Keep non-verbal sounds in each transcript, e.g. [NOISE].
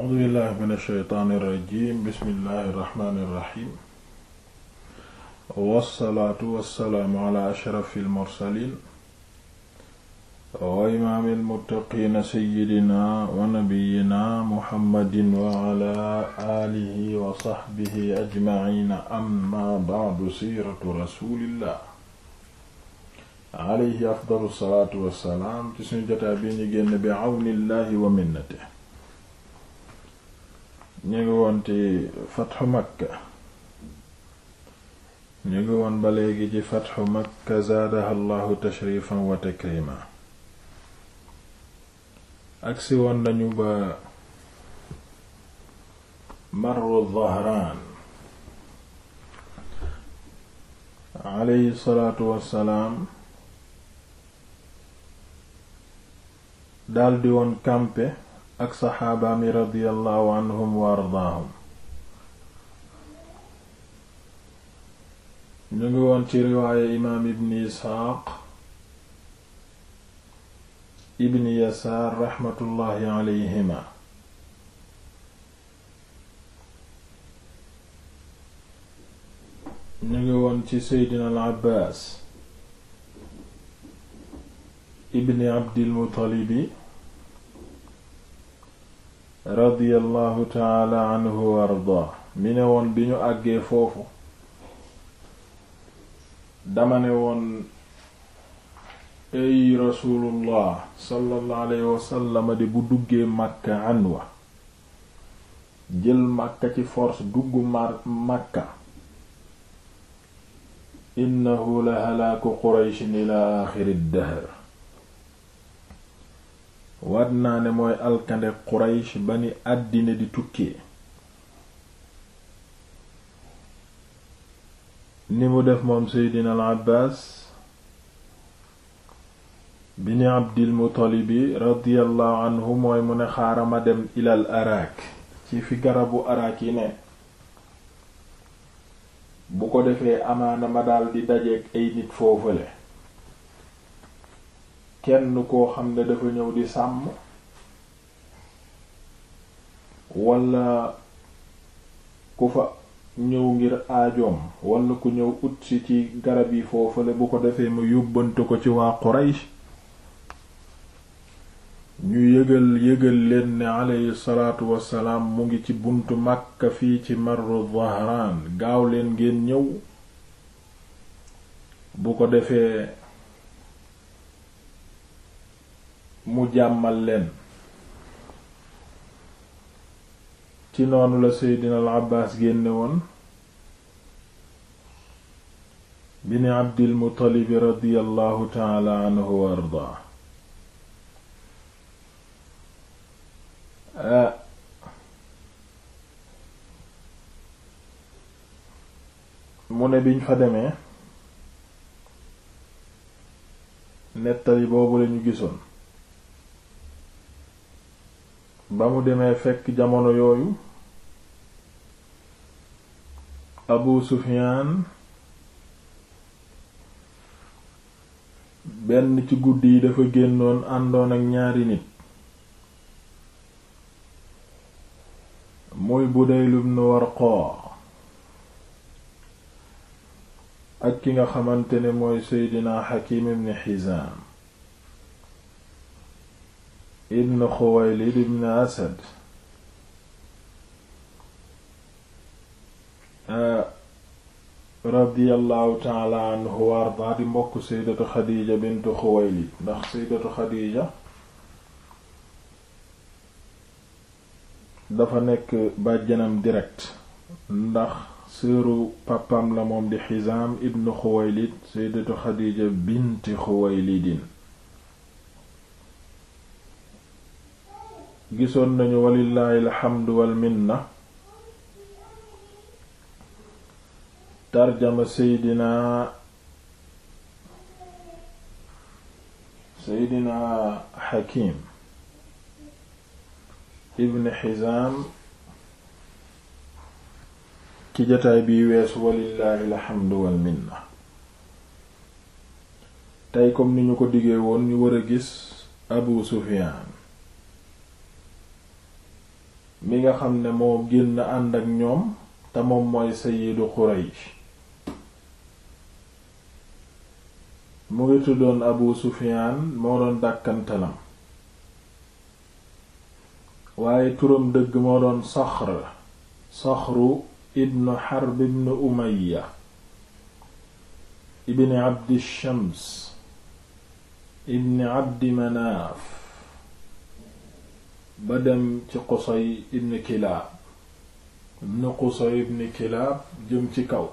a'uuzu billaahi mina shaytaani rajiim bismillaahi rahmaani rahiim wassalaatu wassalaamu alaa ashrafil mursaliin wa imaamil muttaqiina sayyidinaa wa nabiyyinaa muhammadin wa alaa aalihi wa sahbihi ajma'iina ammaa ba'du siiratu rasuulillaah alayhi afdalu salaatu wassalaam ci suñu jotaay bi ñu génn bi awnillahi wa minnatihi ñu ngi woon ci fatxu makka ñu ngi woon ba léegi ci fatxu makka zaadaha allahu tashrifan wa takrima agsi woon nañu ba marru dhahraan alayhi salaatu wassalaam daldi woon campe ak saxaabaami radiyallahu anhum wa ardaahum ñu ngi woon ci riwaaya imaam ibni isxaaq ibni yasaar raxmatullaahi alayhima ñu ngi woon ci seydina al abbaas ibni abdil radiyallahu taala anhu wa ardaa mi ne woon bi ñu àggee foofu dama ne woon ey rasulullah sallallahu alayhi wasallam de bu duggee màkka anwa jël màkka ci force dugg màkka innahu la halaaku qurayshin ila aaxiri dahr waat naa ne mooy alkande Quraysh ba ni àddina di tukkee ni mu def moom seydina al Abbaas bini Abdil Muttalibi radiyallahu mooy mu ne xaaral ma dem ilal araak ci fi garabu araak yi ne bu ko defee amaana ma daldi dajeek ay nit foofale kenn koo xam ne dafa ñëw di sàmm walla ku fa ñëw ngir aajoom walla ku ñëw utsi ci garab yi foofale bu ko defee ma yóbbante ko ci waa Quraysh ñu yëgal yëgal leen ne aleyhi salaatu wassalaam mu ngi ci buntu Makka fii ci marru Dhahraan gaaw leen ngeen ñëw bu ko defee mu jàmmal leen ci noonu la seydina al abbaas génne woon bini abdil muttalibi radiallahu taala anhu wa ardaa mu ne biñ fa demee nettali boobu lañu gisoon ba mu demee fekk jamono yooyu abu sufiyaan benn ci guddi yi dafa génnoon àndoon ak ñaari nit muy Budayl ibn Warqa ak ki nga xamante ne mooy Seydina Hakim ibn Hizam ibn Xuwaylid ibn Asad ah, radiyallahu taala anhu wa ardaa di mbokk saydatu Xadiija bintu Xuwaylid ndax saydatu Xadiija dafa nekk bàjjanam direct ndax seeru papam la moom di Xizaam ibn Xuwaylid saydatu Xadiija binti Xuwaylidin gisoon nañu walillahi alhamdu wal minna tarjama seydina seydina Hakim ibn Hizam ci jotaay bi weesu walillahi alhamdu wal minna tey comme ni ñu ko diggee woon ñu war a gis Abu Sufyan mi nga xam ne moo génn ànd ak ñoom te moom mooy sayyidu Quraysh mu ngi tuddoon Abu Sufyaan moo doon dàkkantalam waaye turam dëgg moo doon Saxr Saxru ibnu Harb ibnu Umayya ibni Abdi Shams ibni Abdi Manaaf ba dem ci Qusay ibn Kilaab ibn Qusay ibn Kilaab jëm ci kaw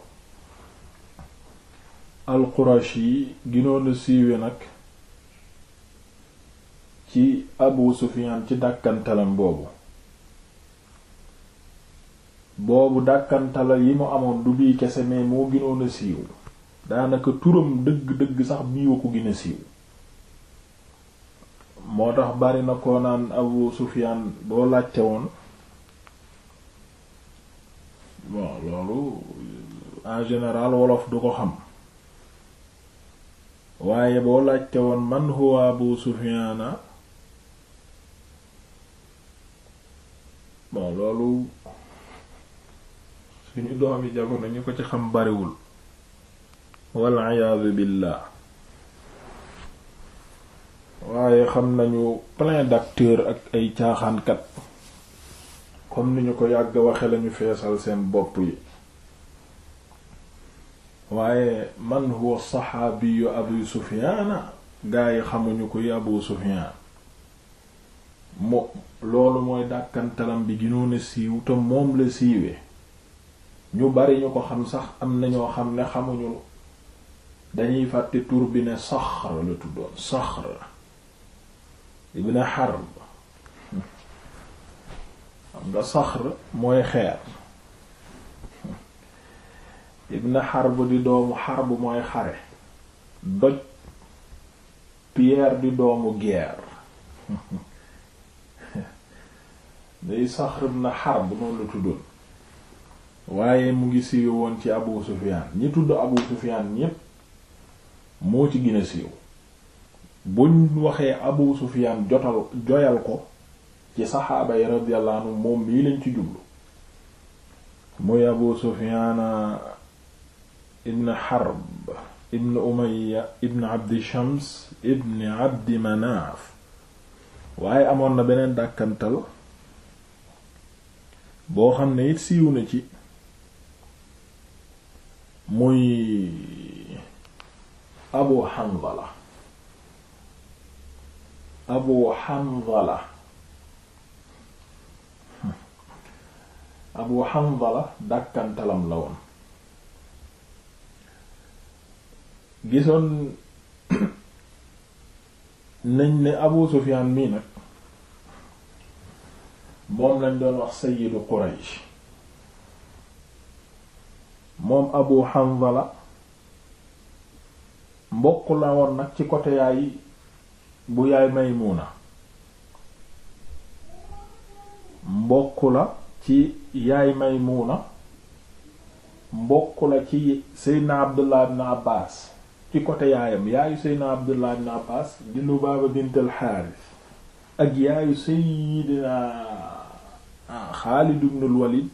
al-Qurashi ginoon nag ci Abu Sufyaan ci dàkkantalam boobu boobu dàkkantala yi mu amoon du bii kese mais moo ginoon siiw daanaka turam dëgg-dëgg sax bii wa ko gën siiw moo tax bari na koo naan Abu Sufyaan boo laajte woon bon loolu en général wolof du ko xam waaye boo laajte woon man huwa Abu Sufyaana bon loolu suñu doom yi jamono ñu ko ci xam bariwul wal iyaadu billah waaye xam nañu plein dakteur ak ay caaxaankat comme ni ñu ko yàgg waxe lañu feesal seen bopp yi waaye man huwa saxaabiyu abu sufiana gaa yi xamuñu koy abu sufian mo loolu mooy dàkkantalam bi ginoone siiw te moom la siiwee ñu bari ñu ko xam sax am na ñoo xam ne xamuñu dañuy fàtte tur bi ne saxr la tuddoon saxr ibn Harb nga Saxr mooy xeer ibn Harb di doomu Harb mooy xare doj Pierre di doomu guerre day Saxr ibn Harb noonu la tuddoon waaye mu ngi siiwe woon ci Abu Sufyaan ñi tudd Abu Sufyaan ñépp moo ci gën a siiw buñ waxee Abu Sufyan jotal joyal ko ci saxaaba yi radiyallahu anhu moom mii lañ ci jublu muy Abu Sufyan ibn Harb ibn Umayya ibn Abdi Shams ibn Abdi Manaaf waaye amoon na beneen dàkkantal boo xam ne it siiw na ci muy Abu Hanzala abu xandala abu xandala dàkkantalam la woon gisoon nañ ne abu sufiyaan mii nag moom lañ doon wax sayidu quraysh moom abu xandala mbokk la woon nag ci côté yaay bu yaay Maymuna mbokk la ci yaay Maymuna mbokk la ci Seydina Abdullah ibn Abbas ci côté yaayam yaayu Seydina Abdullah ibn Abbas di Lubaaba bint al ak yaayu Seydina ah, Xaalid ibn al-Walid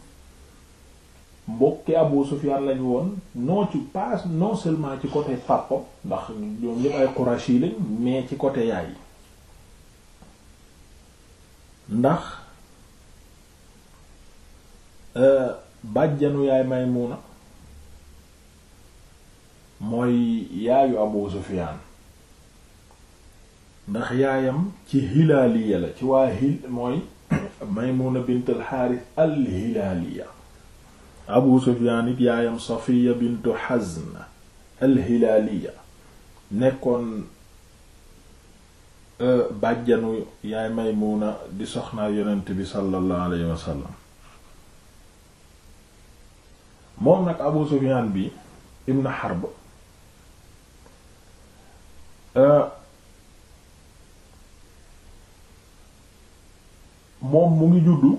mbokki Abu Sufyan lañu woon non ci pas non seulement ci côté papa ndax ñoom ñëpp ay Qurashi lañ mais ci côté yaay ndax euh, bàjjanu yaay Maymuna mooy yaayu Abu Sufyan ndax yaayam ci hilaaliya la ci waa hil mooy [COUGHS] Maymuna bint al al hilaaliya abu sufyaan it yaayam safiya bintu hazn alhilaaliya nekkoon e, bàjjanu yaay maymuuna di soxnaa yonent bi sallallahu alayhi wa moom nag abu sufyaan bi ibn harb e, moom mu ngi juddu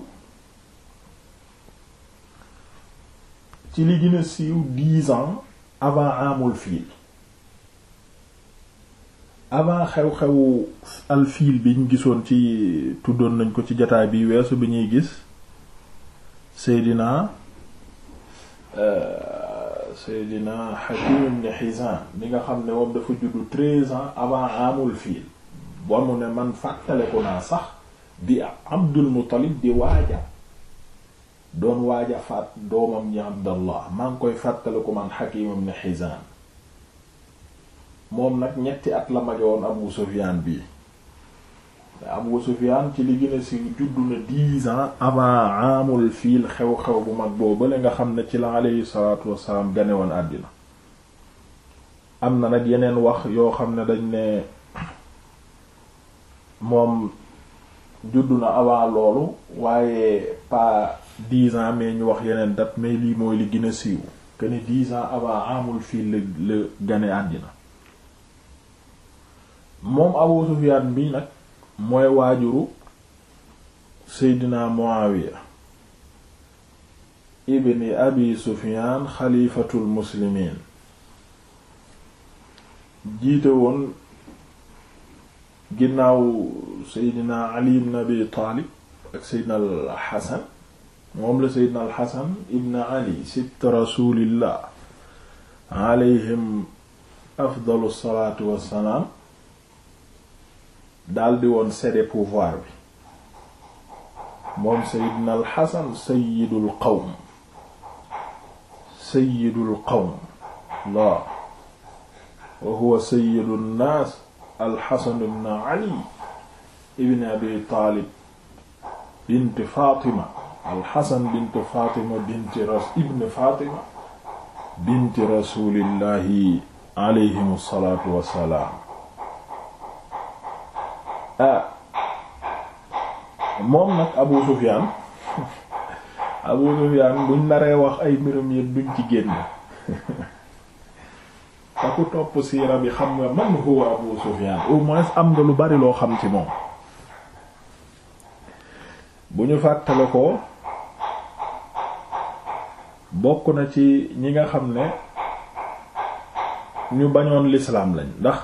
ci li gën a siiw dix ans avant amul fiil avant xew-xewu alfiil bi ñu gisoon ci tuddoon nañ ko ci jataay bi weesu bi ñuy gis Seydina euh, Seydina Hakim ibn Hizam mi nga xam ne moom dafa juddu treize ans avant amul fiil ba ne man fàttaleku naa sax di Abdul Muttalib di waaja doon waaja faat doomam ñi Abdallah maa ngi koy fàttaliku man Hakim ibn Hizam moom nag ñetti at la majoon Abu Sufyan bii Abu Sufyan ci li gën a si juddu na dix ans avant amul fiil xew-xew bu mag boobale nga xam ne ci la aleyhi salatu wasalaam gane woon àddina am na nag yeneen wax yoo xam ne dañ ne moom juddu na avant loolu waaye pas dix ans mais ñu wax yeneen date mais lii mooy li gën a siiw que ni dix ans avant amul fii la la gane àddina moom Abu Sufyaan bi nag mooy waajuru Seydina Muawiya ibni abi Sufyaan xalifatul muslimiin jiite woon ginnaaw Seydina Ali ibn Taalib ak Seydina al moom la seydna alxasan ibn ali sibt rasulillah alayhim afdalu salaatu wassalaam daldi woon cédé pouvoir bi moom seydna alxasan sayidul qawm sayidul qawm la wa huwa sayidu nnaas alxasan ibn ali ibn abi taalib bint fatima alxasan bint fatima binti ras ibn fatima binti rasulillahi alayhim salaatu wassalaam ah moom nag abu sufiyaan [LAUGHS] abu sufiyaan buñ naree wax ay mbiram yëpp duñ ci génn [LAUGHS] te topp siira bi xam nga man huwa abu sufiyaan au moins am nga lu bari loo xam ci moom bu ñu ko bokk na ci ñi nga xam ne ñu bañoon lislaam lañ ndax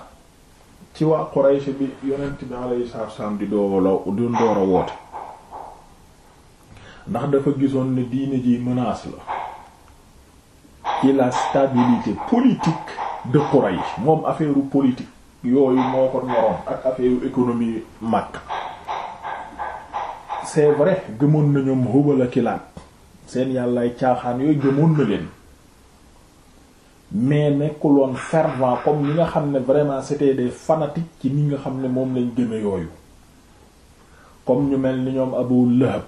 ci waa Quraysh bi yonent bi alayhi salaam di doowala du ndoor a woote ndax dafa gisoon ni diine ji menace la ci la stabilité politique de Quraysh moom affaire politique yooyu moo ko ñoroon ak affaire économie mag c'est gëmoon na ñoom Hubal ak Kilaab seen yàllaay caaxaan yooyu gëmoon na leen mais nekkul woon fervent comme ñi nga xam ne vraiment c'était des fanatiques ci ñi nga xam ne moom lañ gëme yooyu comme ñu mel ni ñoom Abu Lahab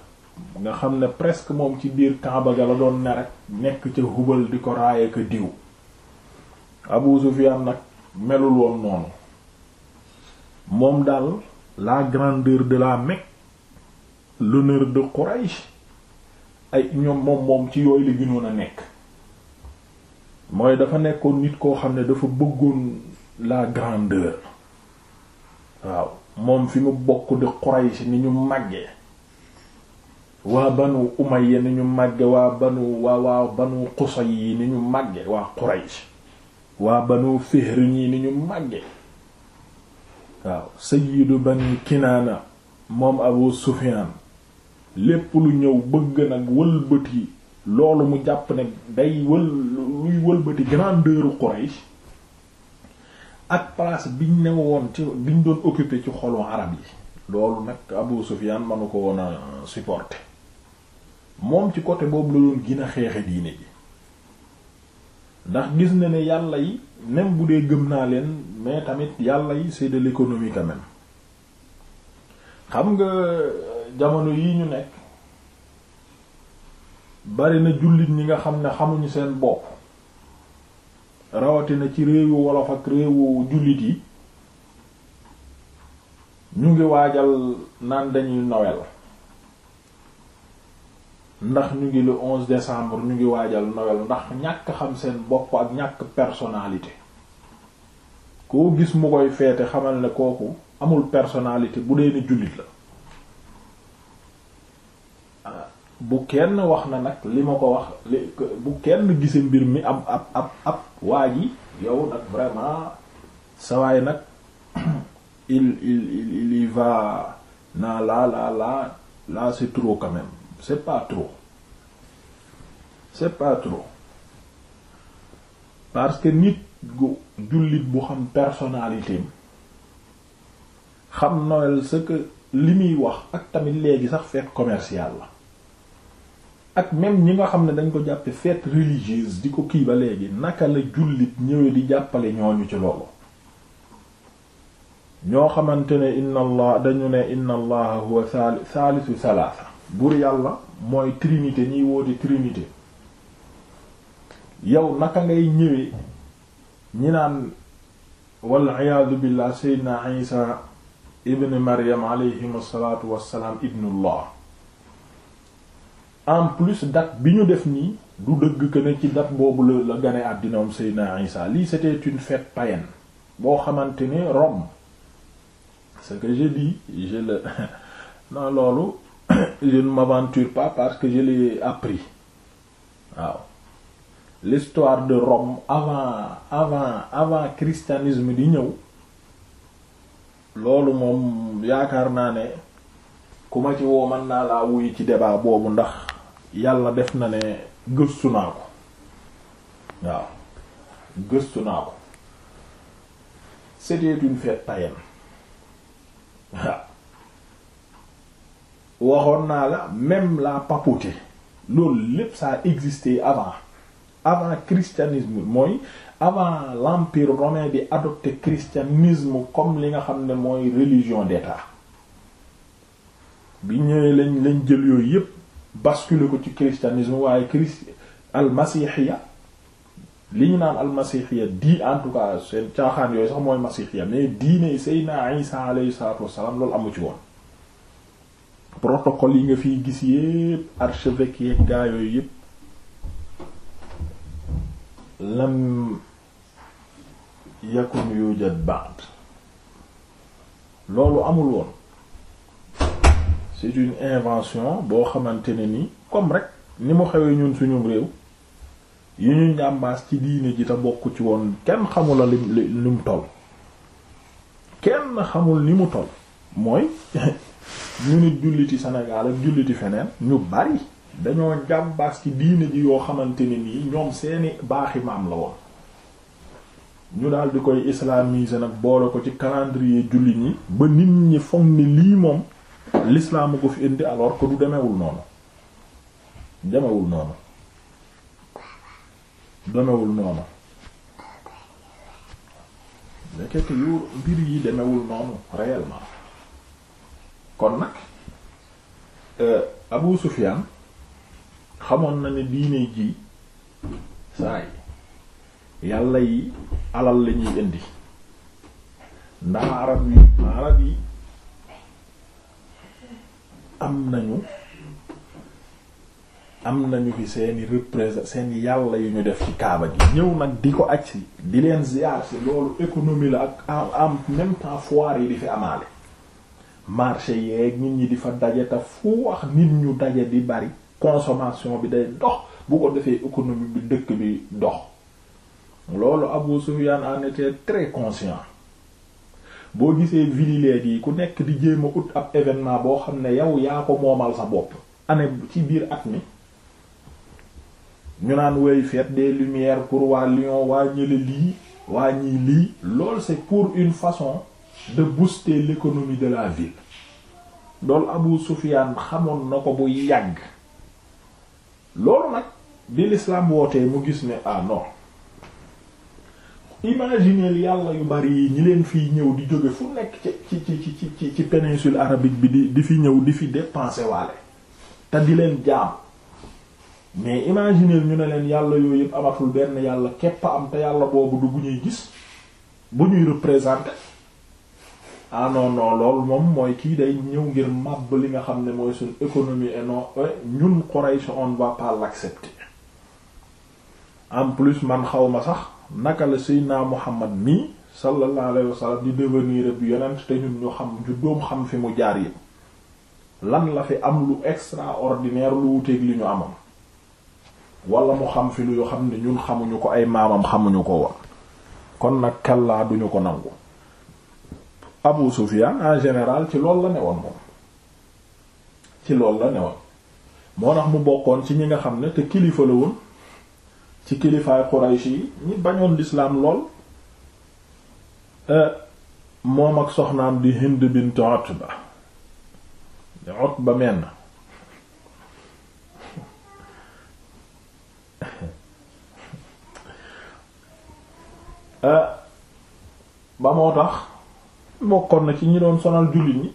nga xam ne presque moom ci biir Kaaba ga la doon ne rek nekk ca Hubal di ko raaya ka diw Abu Sufyan nag melul woon noonu moom daal la grandeur de la Mecque l'honneur de Quraish ay ñoom moom moom ci yooyu la gënoon a nekk mooy dafa nekkoon nit koo xam ne dafa bëggoon la grandeur waaw moom fi mu bokk di Quraysh ni ñu màggee waa banu Umayya ni ñu màgge waa banu waa yi ni ñu màgge waa Quraysh waa banu Fihr ñi ni ñu màgge waaw sayyidu bani Kinaana moom Abu Sufyaan lépp lu ñëw bëgg nag wëlbati loolu mu jàpp ne day wël luy wëlbati grandeur Quraysh ak place biñ ne woon ci biñ doon occupé ci xolu arab yi loolu nag Abu Sufyan manu ko woon a supporter moom ci côté boobu la doon gën a xeexe diine ji ndax gis na ne yàlla yi même bu dee gëm naa leen mais tamit yàlla yi c'est de l'économie quand même xam nga jamono yii ñu nekk bari na jullit ñi nga xam ne xamuñu seen bopp rawatina ci réewu wolof ak réewu jullit yi ñu ngi waajal naan dañuy Noël ndax ñu ngi lu onze décembre ñu ngi waajal nowel ndax ñàkk xam seen bopp ak ñàkk personalité koo gis mu koy feete xamal ne kooku amul personalité bu dee ne jullit la bu kenn wax na nag li ma ko wax bu kenn gise mbir mi ab ab ab waa ji yow nag vraiment sawaay nag [CLEARS THROAT] il il il y va na la la la là c'est trop quand même c'est pas trop c'est pas trop parce que nit gu jullit bu xam personnalité xam Noël ce que li muy wax ak tamit léegi sax fête commercial la ak même ñi nga xam ne dañ ko jàppe fête religieuse di ko kii ba léegi naka la jullit ñëwee di jàppale ñoo ñu ci loolu ñoo xamante ne inna allah dañu ne inna allah huwa saalisu salaasa buur yàlla mooy trinité ñiy woote trinité yow naka ngay ñëwee ñi naan wal iyaadu billah seydna isa ibn maryam alayhim asalatu wassalaam ibnullah en plus date bi ñu def nii du dëgg que ne ci date boobu la la gane àddina am Seydina Isa lii c'était une fête païenne boo xamante ni Rome ce que j'ai dit je le [LAUGHS] non loolu [COUGHS] je ne m'aventure pas parce que je l'ai appris waaw l'histoire de Rome avant avant avant christianisme di ñëw loolu moom yaakaar naa ne ku ma ci woo man naa laa wuyu ci débat boobu ndax yàlla def na ne gëstu naa ko waaw gëstu naa ko c'était une fête waaw waxoon naa la même la papauté loolu lépp ça existait avant avant christianisme mooy avant l'empire romain bi adopté christianisme comme li nga xam ne mooy religion d'État bi ñëwee lañ lañ jël yooyu yépp basculer ko ci christianisme waaye christ almasihiya li ñu naan almasihiya di en tout cas seen caaxaan yooyu sax mooy masihiya mais diine Seydina Isa alayhi salatu wassalam loolu amu ci woon yi nga fiy gis yépp yooyu yépp lam yakun loolu amul woon c'est une invention boo xamante ne ni comme rek ni mu xewee ñun suñu réew yi ñu njàmbaas ci diine ji te bokk ci woon kenn xamula li li mu toll kenn xamul ni mu toll mooy [LAUGHS] ñu nit julliti Sénégal ak julliti feneen ñu bari dañoo njàmbaas ci diine ji yoo xamante ne nii ñoom seeni baaxi maam la woon ñu daldi di koy islamiser nag boole ko ci calendrier jullit ñi ba nit ñi foog lii moom l'islam ko fi indi alors que du demewul noonu demewul noonu demewul noonu lekkete yu mbir yi demewul noonu réellement kon nag euh, Abu Sufyan xamoon na ne diine ji saa yi yàlla yi alal la indi ndax arab yi arab yi am ñu am nañu fi seeni représent seeni yàlla yu ñu def ci kaaba gi ñëw nag di ko aj si di leen ziar si loolu économie la ak en même temps foire yi di fi amaale marché yeeg nit ñi di fa daje te fu wax nit ñu daje di bari consommation bi day dox bu ko defee économie bi dëkk bi dox loolu Abu Sufyan en était conscient boo gisee villes yi ku nekk di jéem a ut ab événement boo xam ne yow yaa ko moomal sa bopp année ci biir at mi ñu naan woy fête de lumière pour waa Lyon waa ñële lii waa ñii lii loolu c'est pour une façon de booster l'économie de la ville loolu Abu Sufyan xamoon na ko bu yàgg loolu nag bi l'islam wootee mu gis ne ah non imagineel yàlla yu bari yi ñi leen fiy ñëw di jóge fu nekk ci ci ci ci ci péninsule arabique bi di di fi ñëw di fi dépenser waale te di leen jaam mais imagineel ñu ne leen yàlla yooyu yëpp amatul benn yàlla képp am te yàlla boobu du bu ñuy gis bu ñuy représenter ah non non moom mooy kii day ñëw ngir màbb li nga xam ne mooy suñ économie et no eh, ñun Quraysh on va pas l'accepter en plus man xawma sax. naka la seydna muhammad mii sallallahu alayhi wa sallam di devenir bi yonent te ñun ñu xam ju doom xam fi mu jaar yëpp lan la fi am lu extraordinaire lu wuteeg li ñu amoon wala mu xam fi lu xam ne ñun xamuñu ko ay maamam xamuñu ko wa kon nag kallaa duñu ko nangu Abu Sufyan en général ci loolu la ne woon moom ci loolu la ne woon moo tax mu bokkoon ci ñi nga xam ne te kilifa la woon ci kilifaay Quraysh yi ñi bañoon lislaam lool eh, moom ak soxnaam di Hind bint Utba di Utba menn [LAUGHS] eh, ba moo tax bokkoon na ci ñi doon sonal jullit ñi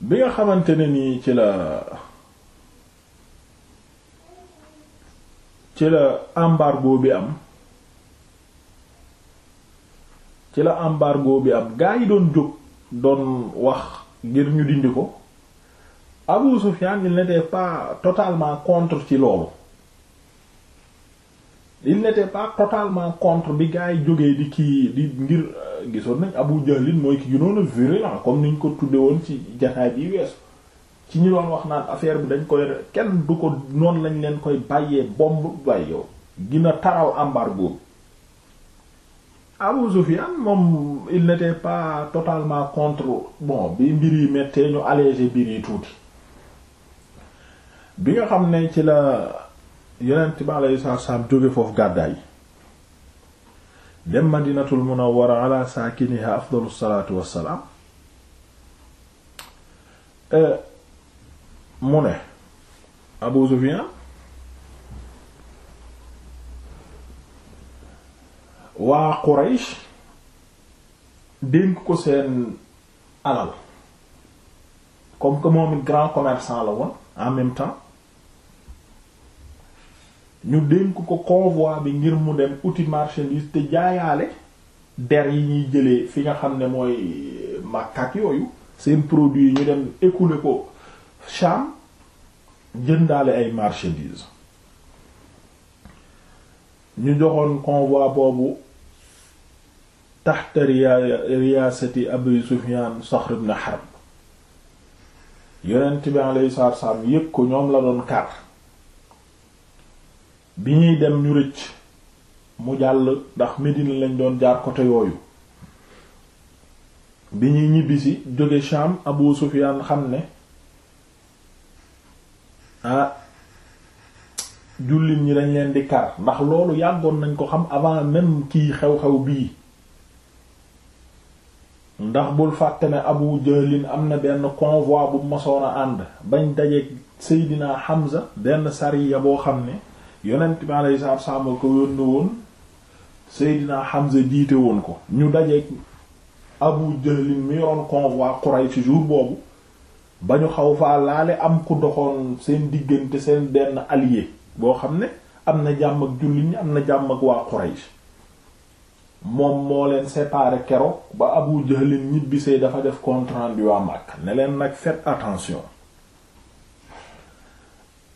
bi nga xamante ne nii ci la ci la embargo bi am ci la embargo bi am gaa yi doon jóg doon wax ngir ñu dindi ko Abu Sufyan il n'était pas totalement contre ci loolu il n'était pas totalement contre bi gaa yi jógee di kii di ngir gisoon nañ Abu Jahlin mooy ki gënoon a virulent comme niñ ko tudde woon ci jaxaay bi weesu ci ñu doon wax naan affaire bi dañ koy kenn du ko noonu lañ leen koy bàyyee bomb bàyyi yow gina taraw embargo Abu Sufyan moom il n'était pas totalement contre bon bi mbir yi mettee ñu alléger mbir yi tuuti bi nga xam ne ci la yonent bi alayhi salaatu Madinatul Munawwara ala saakiniha afdalu salaatu wassalaam euh, mu ne Abu Sufyan waa Quraysh dénk ko seen alal comme que moom it grand commerçant la woon en même temps ñu dénk ko convoi bi ngir mu dem uti marchandise te jaayaale der yi ñuy jële fi nga xam ne mooy màkkat yooyu seen produit yi ñu dem écouler ko Sham jëndaale ay marchandises ñu joxoon convoi boobu taxta riyaasati Abu Sufyaan Saxr ibn Harb yonent bi alayhi salaatu wassalaam ko ñoom la doon kar bi ñuy dem ñu rëcc mu jàll ndax Medina lañ doon jaar côté yooyu bi ñuy ñibbisi jóge Sham Abu Sufyaan xam ne ah jullit ñi dañ leen di kar ndax loolu yàggoon nañ ko xam avant même kii xew-xew bii ndax bul fàtte ne Abu Jahlin am na benn convoi bu mosoon a ànd bañ dajeeg Seydina Hamza benn sariya boo xam ne yonent bi alayhi salaatu wassalaam ko yónni woon Seydina Hamza jiite woon ko ñu dajeeg Abu Jahlin mi yoroon convoi Quraysh ci jour boobu ba ñu xaw faa laale am ku doxoon seen diggante seen benn allié boo xam ne am na jàmm ak jullit ñi am na jàmm ak waa Quraysh moom moo leen séparé keroog ba Abu Jahl ñibbisee dafa def contrant rendu waa Makka neleen nag faites attention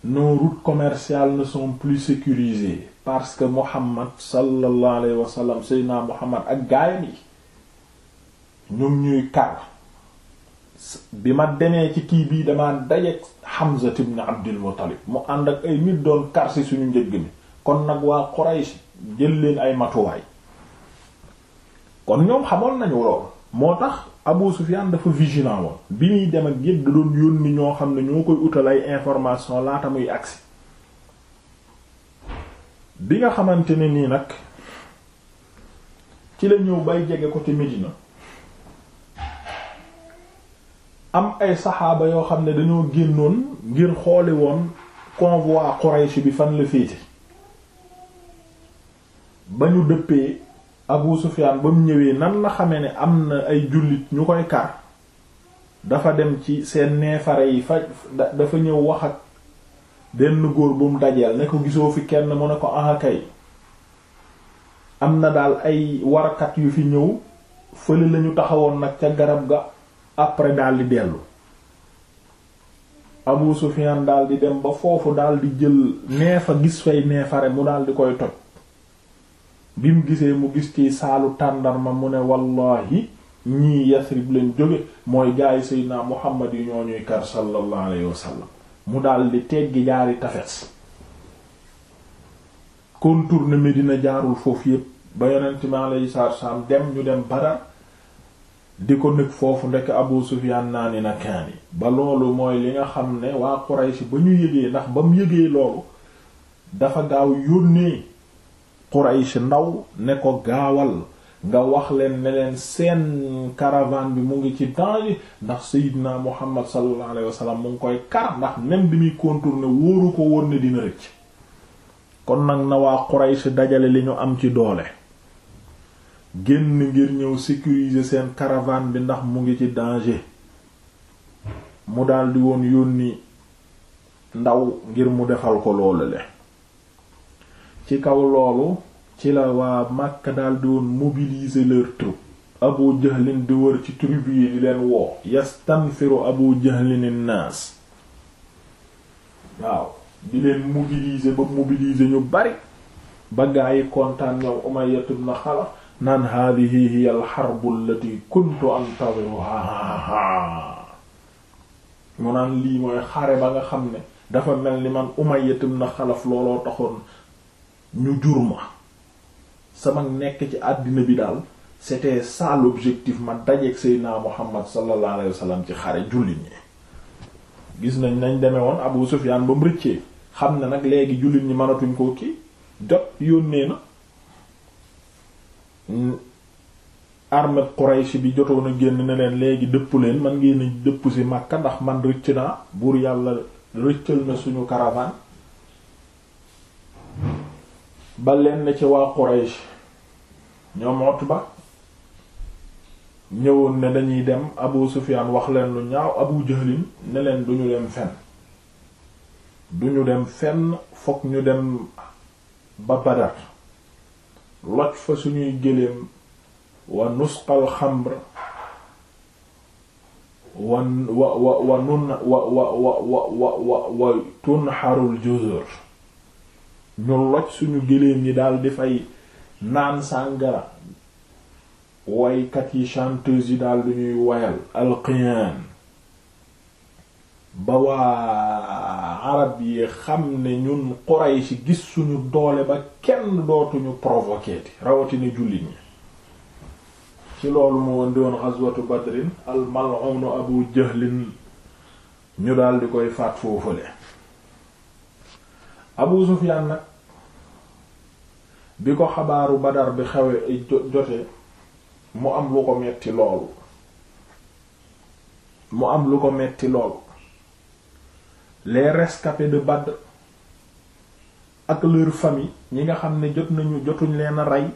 nos routes commercial na sont plus sécurisées parce que Muhammad sallallahu alayhi wa sallam Seydina Muhammad ak gaayam yi ñoom ñuy kar bi ma demee ci kii bii damaa dajeeg Hamza na Abdul Muttalib mu ànd ak ay nit doon karsi suñu njëgg mi kon nag waa Quraysh jël leen ay matuwaay kon ñoom xamoon nañu lool moo tax Abu Sufyan dafa vigilant woon bi ñuy dem ak yëpp da doon yónni ñoo xam ne ñoo koy utal ay information laata muy agsi bi nga xamante ne nii nag ci la ñëw bay jege ko ci Medina am ay saxaaba yoo xam ne dañoo génnoon ngir xooli woon convoi Quraysh bi fan la féete ba ñu dëppee Abu Sufyaan ba ñëwee nan la xamee ne am na ay jullit ñu koy kar dafa dem ci seen neefare yi fa dafa ñëw wax ak benn góor bu mu dajeel ne ko gisoo fi kenn mu ne ko aha kay am na daal ay warkat yu fi ñëw fële lañu taxawoon nag ca garab ga après daal di dellu Abu Sufyan daal di dem ba foofu dal di jël neefa gis fay neefare mu dal di koy toj bi mu gisee mu gis ci saalu tàndarma mu ne wallahi ñii Yasrib leen jóge mooy gaay Seydina Muhammad yi ñoo ñuy kar sallallahu alayhi wa sallam mu daal di teggi jaari tafes contourne Medina jaarul foofu yépp ba yonent mi alayhi salaatu dem ñu dem Badar di ko nekk foofu ndekk Abu Sufyan naa ni na kaani ba loolu mooy li nga xam ne waa Quraysh ba ñu yëgee ndax ba mu yëgee loolu dafa gaaw yónnee Quraysh ndaw ne ko gaawal nga wax leen ne leen seen caravane bi mu ngi ci danger ndax Seydina Muhammad sallallahu alayhi wa sallam mu ngi koy kar ndax même bi muy contourner wóoru ko woon ne dina rëcc kon nag na waa Quraysh dajale li ñu am ci doole génn ngir ñëw sécuriser seen caravane bi ndax mu ngi ci danger mu daldi woon yónni ndaw ngir mu defal ko loolu le ci kaw loolu ci la waa Makka daldi woon mobiliser leurs troupes Abu Jahlin di wër ci tribu yi leen woo yastanfiru Abu Jahlin naas waaw di leen mobiliser ba mobiliser ñu bari ba gaa yi kontaan ñoom Umayya ibn Xalaf naan hadihi hiya alxarbu allati kuntu antadiruha mu naan lii mooy xare ba nga xam ne dafa mel ni man Umayya ibn Xalaf looloo taxoon ñu jur ma sama nekk ci àddina bi daal c'était ça l'objectif ma dajeeg Seydina Muhammad sallallahu alayhi wa ci xare jullit ñi gis nañ nañ demee woon Abu Sufyaan ba rëccee xam ne nag léegi jullit ñi mënatuñ koo kii jot yónnee na armée Quraysh bi jotoon a génn ne leen léegi dëpp leen man ngeen dëpp si Makka ndax man rëcc naa buur yàlla rëccal na suñu caravane ba leen ci waa Quraysh ñoom Utba ñëwoon ne dañuy dem Abu Sufyaan wax leen lu ñaaw Abu Jahlin ne leen duñu dem fenn duñu dem fenn fokk ñu dem ba Badar loj fa suñuy gëléem wa nusqal xamr wa wa wa wa tunxarul juzur ñu loj suñu géléem yi daal di fay naan sàngara waykat yi chanteuse yi daal di ñuy wayal ba waa arab yi xam ne ñun ci gis suñu doole ba kenn dootuñu provoquer rawatina jullit ñi ci loolu moo ndiwoon ghazwatu badrin al mal'un abu jahlin ñu daal di koy faat foofule abu sufyan nag bi ko xabaaru badar bi xewe ay eh, mu am lu ko metti loolu mu am lu ko metti lool les rescapés de Badr ak leur famille ñi nga xam ne jot nañu jotuñ leen rey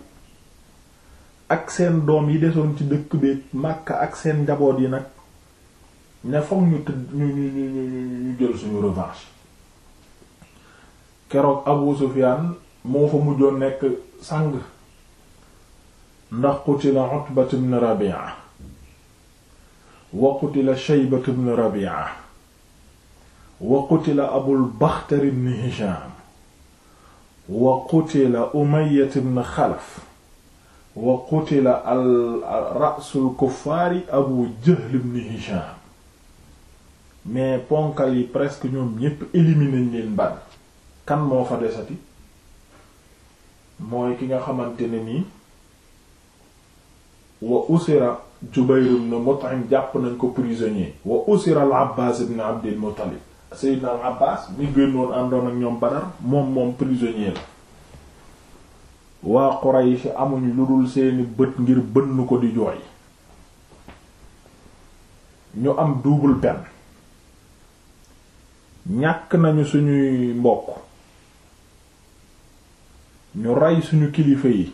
ak seen doom yi desoon ci dëkk bi Makka ak seen njaboot yi nag ne foog ñu tëdd ñu ñu ñu ñu jël suñu revanche keroog Abu Sufyan moo fa mujjoon nekk sang ndax qutila Utbat ibn Rabi'a wa qutila Shaybat ibn Rabi'a wa qutila abul baxtar ibn hisham wa qutila umayyat ibn xalaf wa qutila al rasul kuffaari abu jahl ibn hisham mais ponkal yi presque ñoom ñépp éliminé nañ leen ban kan moo fa desati mooy ki nga xamante ne nii wa usira jubayr ibn mut'im jàpp nañ ko prisonnier wa usira al abbaas ibn abdil muttalib Seydina al Abbas mi génnoon àndoon ak ñoom Badar moom moom prisonnier la waa ci amuñ lu dul seeni bët ngir bënn ko di jooy ñu am double peine ñàkk nañu suñuy mbokk ñu rey suñu kilifa yi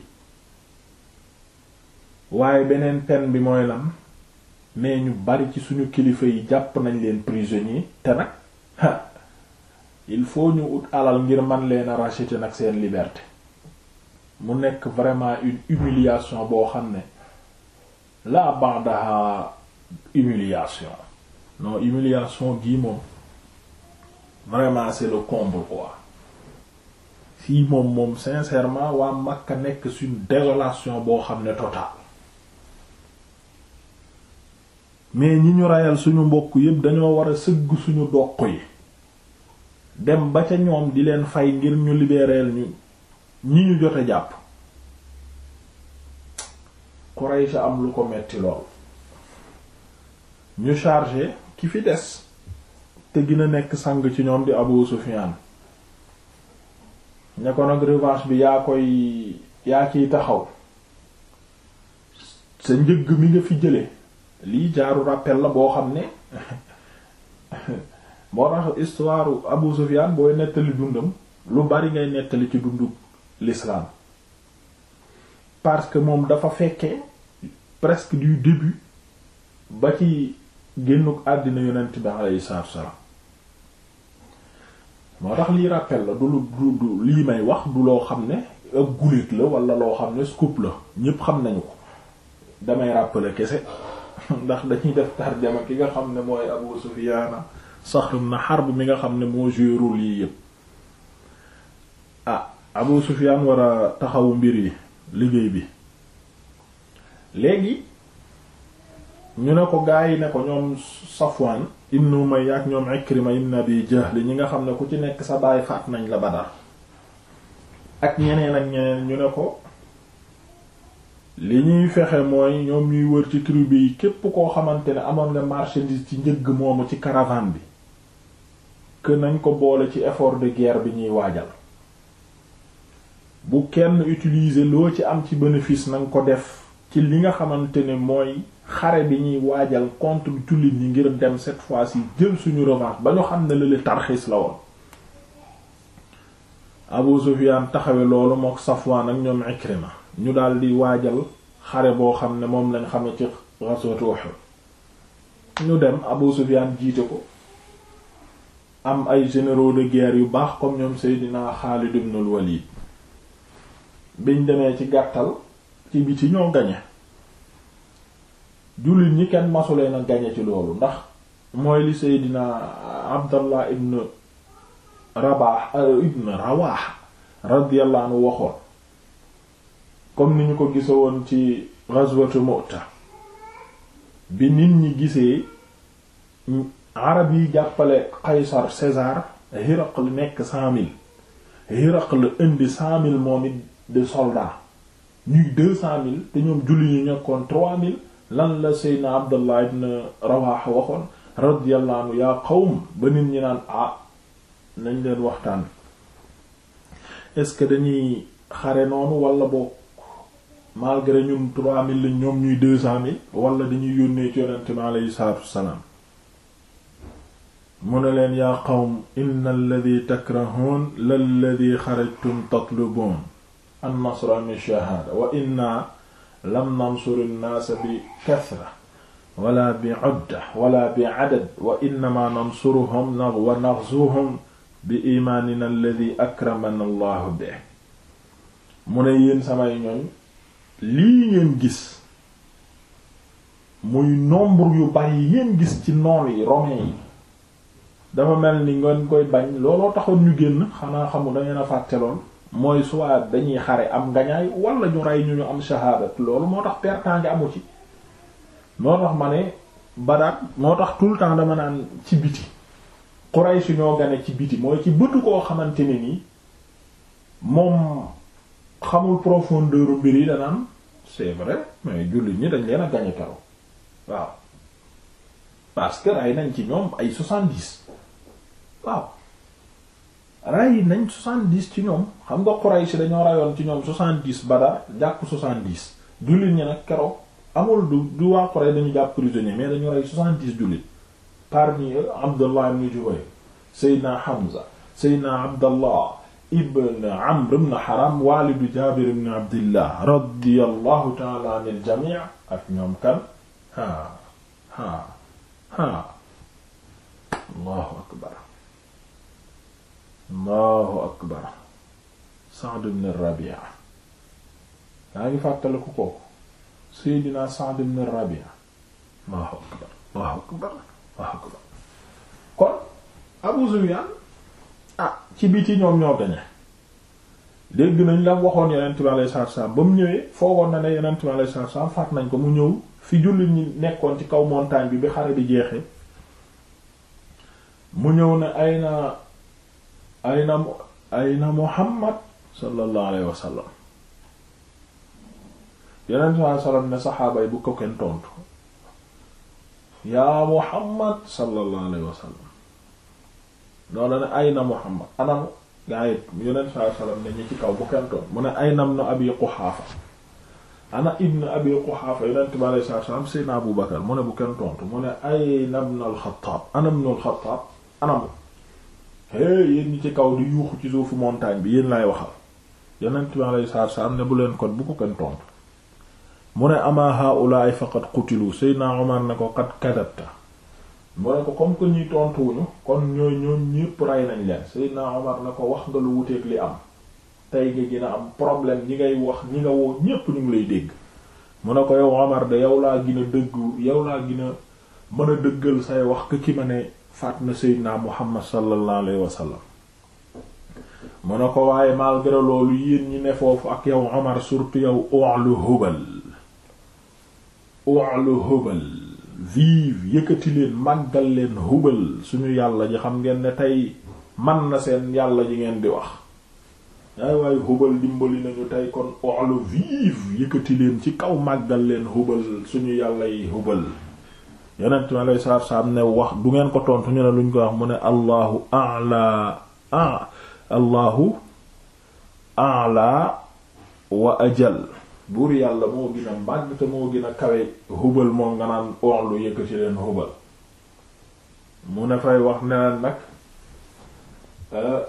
waaye beneen peine bi mooy lam mais ñu bari ci suñu kilifa yi jàpp nañ leen prisonnier te nag il faut ñu ut alal ngir man leen a nag seen liberté mu nekk vraiment une humiliation boo xam ne la bandaha humiliation non humiliation gii moom vraiment c'est le comble quoi fii moom moom sincèrement waa Makka nekk sur une désolation boo xam ne totale mais ñi ñu rayal suñu mbokk yépp dañoo war a sëgg suñu doq yi dem ba ca ñoom di leen fay ngir ñu libérer ñu ñi ñu jot a jàpp Quraysh am lu ko metti lool ñu chargé ki fi des te gën nekk sang ci ñoom di Abu Sufyan ña ko nag bi yaa koy yaa ciy taxaw sa njëgg mi nga fi jële lii jaaru rappel la boo xam ne [LAUGHS] moo tax histoire Abu Sufyan booy nettali dundam lu bari ngay nettali ci dundu l'islam parce que moom dafa fekkee presque du début ba ci génnuk àddina yonent bi alayhi salaatu wassalaam moo tax lii rappel la du lu du lii may wax du loo xam ne ak gulit la wala loo xam ne scoop la ñépp xam nañu ko damay rappeler kese [LAUGHS] ndax dañuy def tarjama ki nga xam ne mooy Abu Sufyan Saxr ibn Harb mi nga xam ne moo joué rôle yi yépp ah Abu Sufyaan war a taxawu mbir yi liggéey bi léegi ñu ne ko gaa yi ne ko ñoom Safwaan ibn Umayya ak ñoom na ibn Abi Jahl ñi nga xam ne ku ci nekk sa baay faat nañ la Badar ak ñeneen ak ñeneen ñu ne ko li ñuy fexe mooy ñoom ñuy wër ci tribu yi képp koo xamante ne amoon nga marchandise ci njëg moomu ci caravane bi que nañ ko boole ci effort de guerre bi ñuy waajal bu kenn utiliser loo ci am ci bénéfice nañ ko def ci li nga xamante ne mooy xare bi ñuy waajal contre jullit ñi ngir dem cette fois yi jël suñu revanche ba ñu xam ne lale tarxiis la woon Abu Sufyan taxawe loolu mook Safwan ak ñoom Ikrima ñu daal di waajal xare boo xam ne moom lañ xame ci ghazwat Uhud ñu dem Abu Sufyan jiite ko am ay généraux de yu baax comme ñoom Seydina Xaalid ibn al Walid biñ demee ci gàttal ci biti ñoo gañe jullit ñi kenn masuleen a gañe ci loolu ndax mooy li Seydina Abdallah ibn Rabah euh, ibn Rawah radiyallahu waxoon comme ni ñu ko gisa woon ci ghazwatu Mu'ta bi nit ñi gisee arab yi jàppale Qaysar César lu nekk cent mille Hiraql indi cent mille moom it de soldats ñuy deux cent mille te ñoom julli ñu nekkoon trois lan la Seydina Abdallah ibn Rawaha waxoon radiyallahu anhu yaa qawm ba nit ñi naan ah nañ leen waxtaan est-ce que dañuy xare noonu wala bokk malgré ñun trois mille lañ ñoom ñuy deux cent wala dañuy yónnee ci yonente mi aleyhi salatu wassalam mu ne leen yaa qawm inna alladi takrahuun lalladi xarajtum tatlubuun annasra min shahaada wa inna lam nansuri nnaasa bi kathra wala bi udda wala bi adad wa innama nansuruhum wa naxzuhum bi imaanina alladi akramana allahu be mu ne yéen samay ñoñ lii ngeen gis muy nombre yu bari yéen gis ci noon yi romain yi dafa mel ni ngeen koy bañ looloo taxoon ñu génn xanaa xamu da ngeen a fàtte lool mooy soit dañuy xare am ngañaay wala ñu rey ñu ñu am shahaadat loolu moo tax perte ngi amu ci moo tax ma ne Badar moo tax tout le temps dama naan ci biti Quraysh ñoo gane ci biti mooy ci bëtu koo xamante ne nii moom xamul profondeur mbir yi danaan c'est vrai mais jullit ñi dañ leen a gañe karo waaw parce que rey nañ ci ñoom ay soixante-dix waaw ray nañ soixante-dix ci ñoom xam nga Quraysh dañoo rayoon ci ñoom soixante-dix Badar jàpp soixante-dix jullit ñi nag keroog amul du du waa Quraysh dañu jàpp prisonnier mais dañu rey soixante-dix jullit parmi Abdullah ibn Jubayr Seydina Hamza Seydina Abdallah ibn Amr ibn Haram walidu Jabir ibn Abdillah radiyallahu ta'ala anil jami' ak ñoom kan ha ha ha Allahu akbar allahu akbar Sa'd ibn Rabi'a daa ngi fàttaliku kooku Seydina Sa'd ibn Rabi'a allahu akbar allahu akbar allahu akbar kon Abu Sufyaan ah ci biti ñoom ñoo gañe dégg nañ la waxoon yonent bi alayhi salaatu salaam ba mu ñëwee foogoon na ne yonent bi alayhi salaatu salaam nañ ko mu ñëw fi jullit ñi nekkoon ci kaw montagne bi bi xare bi jeexee mu ñëw ne ay na ayna ayna muhammad sallallahu alayhi wa sallam yeneen saa sallam ne saxaaba yi bu ko kenn tontu yaa muhammad sallallahu alayhi wa sallam noonu la ne ayna muhammad anam gaa yi yeneen saa sallam ne ñi ci kaw mu ne aynam na abi quxaafa ana ibn abi quxaafa yonent bi alayhi salaatu salaam seydna abu bakar mu ne bu kenn tontu mu ne ayna ibn al xattaab ana ibn al xattaab anam hey yéen ci kaw di yuuxu ci suufu montagne bi yéen laay waxal yonent bi alayhi salaatu salaam ne bu leen kon bu ko kenn tontu mu ne ama haulaay faqad qutilu Seydina Omar na ko qad kadabta mu ne ko comme que ñuy tontuwuñu kon ñooy ñoom ñépp rey nañ leen Seydina Omar ko wax nga lu li am tey nga gën am problème ñi ngay wax ñi nga ñu ngi lay dégg mu ne ko yow Omar de yow laa gën a dëggu yow laa gën a mën a dëggal say wax ki ma ne faat na seydinaa muhammad sallallahu alayhi wa sallam mu ne ko waaye malgré loolu yéen ñi ne foofu ak yow Omar surtout yow oxlu hubal oxlu hubal vive yëkkati leen màggal leen hubal suñu yàlla ji xam ngeen ne tey man na seen yàlla ji ngeen di wax ay waaye hubal dimbali nañu tey kon oxlu vive yëkkati leen ci kaw màggal leen hubal suñu yàlla yi hubal yonent mi alayhi salaatu salaam ne wax du ngeen ko tontu ñu ne luñ koy wax mu ne allahu a'la a allahu a'la wa ajal buur yàlla moo gën a màgg moo gën kawe hubal moom nga naan onlu yëkkati leen hubal mu ne fay wax ne nag euh,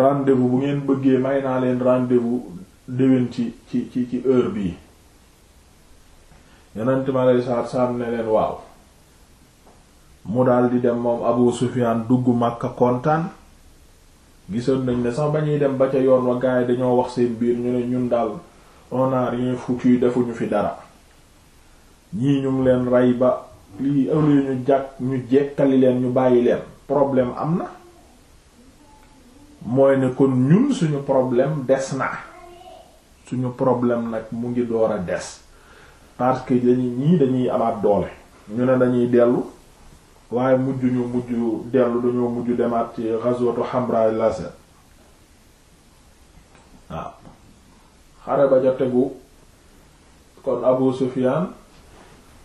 rendez bu ngeen bëggee may naa leen rendez-vous ci ci ci ci heure bii yeneen ma lay saar saam ne leen waaw mu di dem moom Abu Sufyaan dugg Makka kontaan gisoon nañ ne sax ba ñuy dem ba ca yoon wa gaay dañoo wax seen biir ñu ne ñun daal on a rien foutu defuñu fi dara ñii ñu ngi leen rey ba lii ëllëg ñu jàkk ñu jekkali leen ñu bàyyi leen problème am na mooy ne kon ñun suñu problème des na suñu problème nag mu ngi door a des parce que ñii dañuy amaat doole ñu ne dañuy dellu waaye mujj ñu mujj dellu dañoo mujj demaat ci ghazwatu Hamra al-Asad waaw xare ba ja tegu kon Abu Sufyan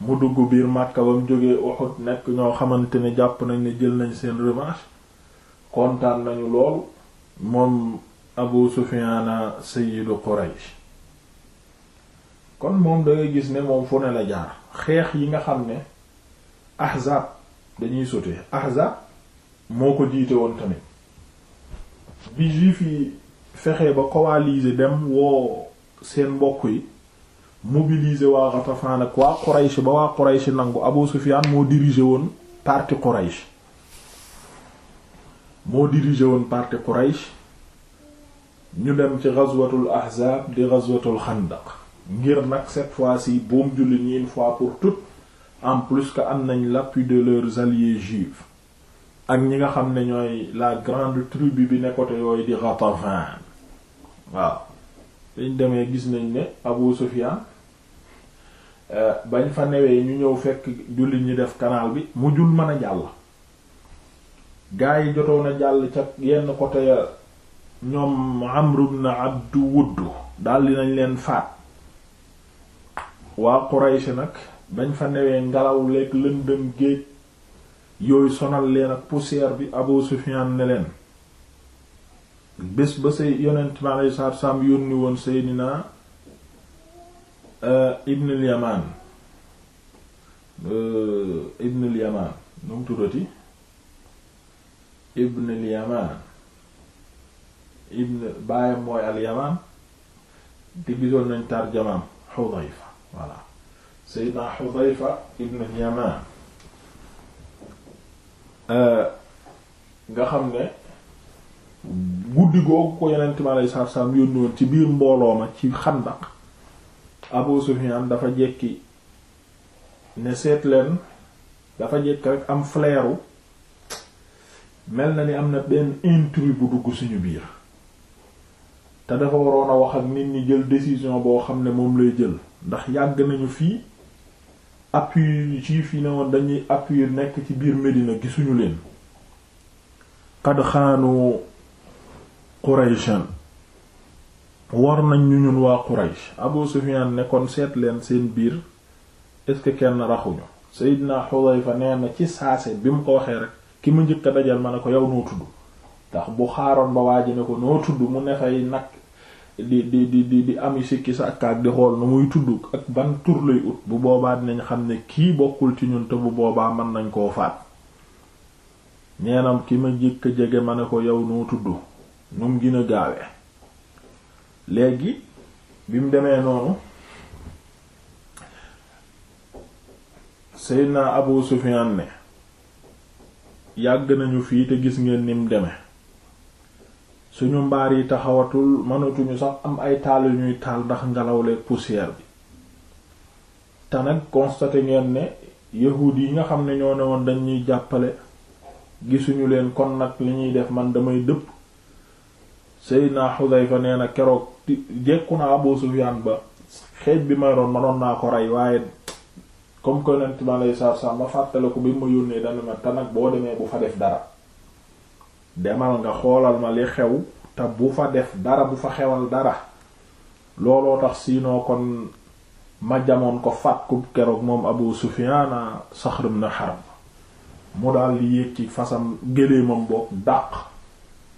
mu dugg biir Makka ba mu jógee Uhud nekk ñoo xamante ne jàpp nañ ne jël nañ seen revanche kontaan nañu lool moom Abu Sufyan sayyidu Quraysh kon moom dangay gis ne moom fu ne la jaar xeex yi nga xam ne ahzaab dañuy sotee ahzab moo ko jiite woon tamit bi juif yi fexee ba coaliser dem woo seen mbokk yi mobiliser waa Ghatafan waa Quraysh ba waa Quraysh nangu Abu Sufyan moo diriger woon parti Quraysh moo diriger woon parti Quraysh ñu dem ci ghazwatul ahzab di ghazwatul xandaq ngir nag cette fois-ci boom julli ñi fois pour toutes en plus que am nañ l'appui de leurs alliés juifs ak ñi nga xam ne ñooy la grande tribu bi ne côté yooyu di Ghatafan waaw dañ demee gis nañ ne Abu Sufyan euh, bañ fa newee ñu ñëw fekk jullit ñi def canal bi mu jul mën a jàll gaa yi jotoon a jàll ca yenn côté ya ñoom Amr ibn Abd Wudd daldi nañ leen faat waa Quraysh nag bañ fa newee ngelaw leeg lëndëm géej yooyu sonal leen ak poussière bi Abu Sufyaan ne leen bés ba say yonent mi aleyhi salaatu salaam yónni woon Seydina uh, Ibn al-Yamaan uh, Ibn al-Yamaan nu mu tuddati al-Yamaan Ibn baayam mooy al-Yamaan te gisoon nañ tarjamaam Seydina Xudayfa ibn al-Yamaan euh, nga xam ne guddi googu ko Yonent mi alayhi salaatu salaam yónni woon ci biir mbooloo ma ci xandaq Abu Sufyaan dafa jekki ne seet leen dafa jekk rek am flairu mel na ni am na benn intrus bu dugg suñu biir te dafa waroon a wax ak nit ñi jël décision boo xam ne moom lay jël ndax yàgg nañu fii appui juif yi ne woon dañuy appui nekk ci biir Medina gisuñu leen qad xaanu Qurayshan war nañ ñu ñun waa Quraysh Abu Sufyan ne kon seet leen seen biir est-ce que kenn raxuñu Seydina Xudayfa nee na ci saase bi mu ko waxee rek ki mu njëkk a dajal ma ne ko yow noo tudd ndax bu xaaroon ba waa ji ne ko noo tudd mu ne fay nag di di di di di ami sikki sàkkaak di xool nu muy tudd ak ban tur ut bu boobaa nañ xam ne kii bokkul ci ñun te bu boobaa mën nañ koo faat ñeenam ki ma a jege ma ne ko yow mu tudd nu mu gën a léegi bi mu demee noonu Seydina Abu Sufyan ne yàgg nañu fii te gis ngeen ni mu demee suñu mbaar yi taxawatul mënatuñu sax am ay taal yu taal ndax ngelaw leeg poussière bi te nag constaté ngeen ne yahuud yi nga xam ne ñoo ne woon dañ ñuy jàppale gisuñu leen kon nag li ñuy def man damay dëpp na Xudayfa nee na keroog jekku naa Abu Sufyaan ba xeej bi may roon manoon naa ko rey waaye comme que nent ma saa sar ma fàttale ko bi ma yónnee dana ma te boo demee bu fa def dara demal nga xoolal ma li xew te bu fa def dara bu fa xewal dara looloo tax siinoo kon ma jamoon ko faat ku keroog moom Abu Sufyaan Saxr ibn Harb mu dal di yéeg ci fasam géléemam boog dàq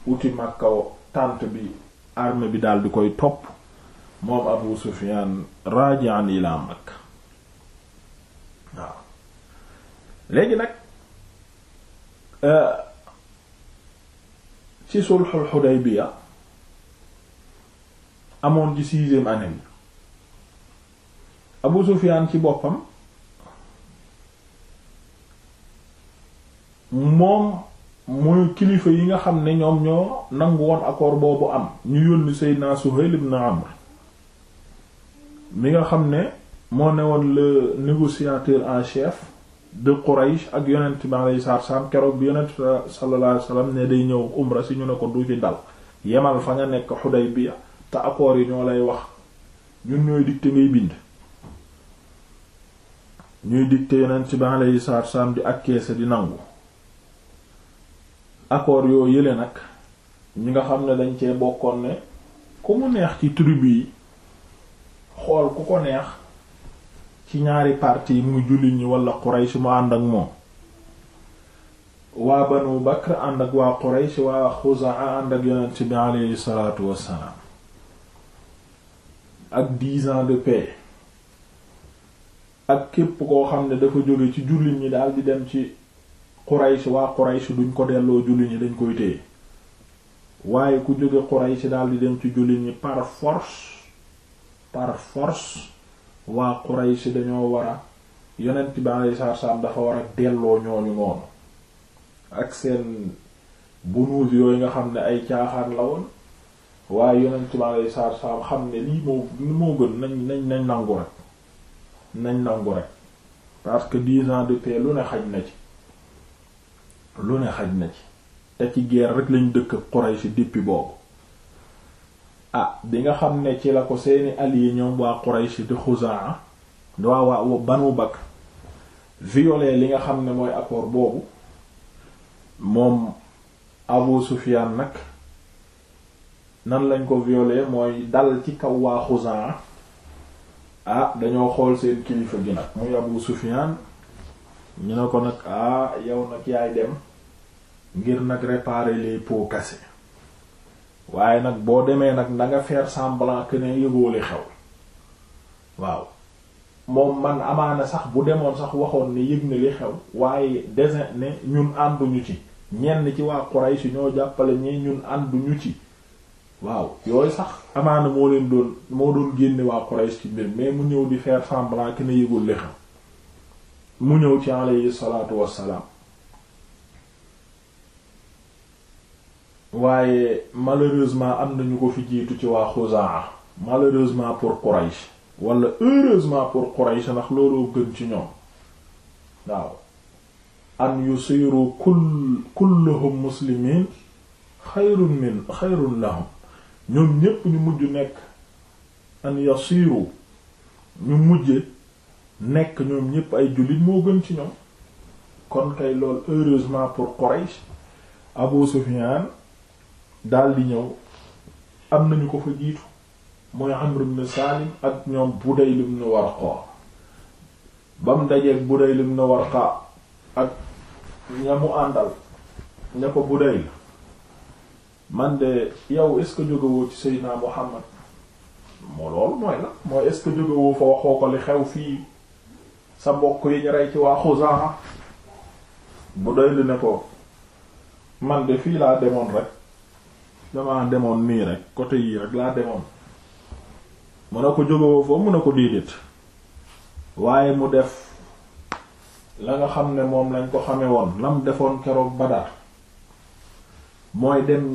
uti Makka tànt bi arme bi daal di koy topp moom Abu Sufyaan raaji'an ilaa Makka waaw léegi nag euh, ci sulhul Hudaybiya amoon ci sixième année Abu Sufyaan ci boppam moom mooy kilifa yi nga xam ne ñoom ñoo nangu woon accord boobu am ñu yónni Seydina Suhayl ibn Amr mi nga xam ne moo ne woon le négociateur en chef de Quraysh ak yonent bi alayhi salaatu keroog bi yonent sallallahu alayhi wasallam ne day ñëw umra si ñu ne ko du fi dal yemal fa nga nekk Hudaybiya te accords yi ñoo lay wax ñun ñooy dicté ngay bind ñuy dicté yonent bi alayhi salaatu wassalaam di acquiescer di nangu accords yoo yële nag ñi nga xam ne dañ cee bokkoon ne ku mu neex ci tribu yi xool ku ko neex ci ñaari parti yi muy jullit ñi wala Quraysh mu ànd ak moom waa Banu Bakr ànd ak waa Quraysh waa Xuzaa ànd ak yonent bi wassalaam ak dix ans de paix ak képp koo xam ne dafa jóge ci jullit ñi daal di dem ci Quraysh waa Quraysh duñ ko delloo jullit ñi dañ koy téye waaye ku jóge Quraysh daal di dem ci jullit ñi par force par force waa Quraysh dañoo war a yonent bi alayhi dafa war a delloo ñooñu noonu ak seen bunuus yooyu nga xam ne ay caaxaan la woon waaye yonent bi alayhi salaam xam ne lii moo gën nañ nañ nañ nangu rek nañ nangu rek parce que dix ans de paix lu ne xaj na ci lu ne xaj na ci te ci guerre rek lañ dëkk Quraysh depuis boobu ah bi nga xam ne ci la ko seeni alliés ñoom waa Quraysh di Xuzaa waa waa Banu Bakr violé li nga xam ne mooy accord boobu moom Abu Sufyaan nag nan lañ ko violé mooy dal ci kaw waa Xuzaa ah dañoo xool seen kilifa gi nag muy Abu Sufyaan ñu ne ko nag ah yow nag yaay dem ngir nag réparer les pots cassés waaye nag boo demee nag na nga faire semblant que ne yëgoole xew waaw moom man amaana sax bu demoon sax waxoon ni yëg na li xew waaye desin ne ñun ànduñu ci ñenn ci waa Quraysh ñoo jàppale ñi ñun ànduñu ci waaw yooyu sax amaana moo leen doon moo doon génne waa Quraysh ci mbir mais mu ñëw di faire semblant que ne yëgul li xew mu ñëw ci alayhi salaatu wassalaam waaye malheureusement am nañu ko fi jiitu ci waa Xuzaa malheureusement pour Quraysh wala heureusement pour Quraysh ndax looloo gën ci ñoom waaw an yusiru kull kulluhum muslimin xayrun min xayrun lahum ñoom ñépp ñu mujj nekk an yasiru ñu mujje nekk ñoom ñépp ay jullit moo gën ci ñoom kon kay lool heureusement pour Quraysh Abu Sufyan dal di ñëw am nañu ko fa jiitu mooy Amr ibn Salim ak ñoom Budayl ibn Warqa bam dajeeg Budayl ibn Warqa ak ña mu àndal ña ko Budayl man de yow est-ce ci Seydina Muhammad moo loolu mooy la mooy est-ce fa waxoo ko li xew fii sa mbokk yi ñu rey ci waa Xuzaa Budayl ne ko man de fii laa demoon rek damaa demoon nii rek côté yii rek laa demoon mu ne ko jógewoo foofu mu ne ko déedéet waaye mu def la nga xam ne moom lañ ko xamee woon lam defoon keroog Badar mooy dem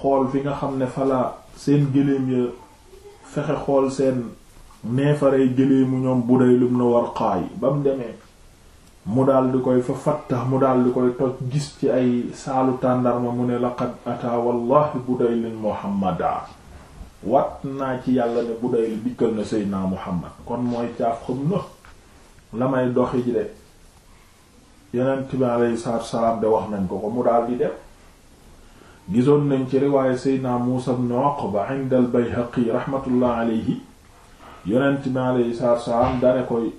xool fi nga xam ne fala seen gëléem ya fexe xool seen neefaree gëléemu ñoom bu Budayl ibn Warqaa yi ba mu demee mu daal di koy fa fattax mu daal di koy toj gis ci ay saalu tàndarma mu ne laqad ataa wallahi budaylin muhammada wat naa ci yàlla ne budayl dikkal na seydinaa muhammad kon mooy caaf xam na la may doxi ji de yonent bi aleyhi salaatu salaam de wax nañ ko ko mu daal di dem gisoon nañ ci riwaaye seydinaa muusa ibn Uqba inda al bayhaqi rahmatullah aleyhi yonent bi aleyhi salaatu salaam dane koy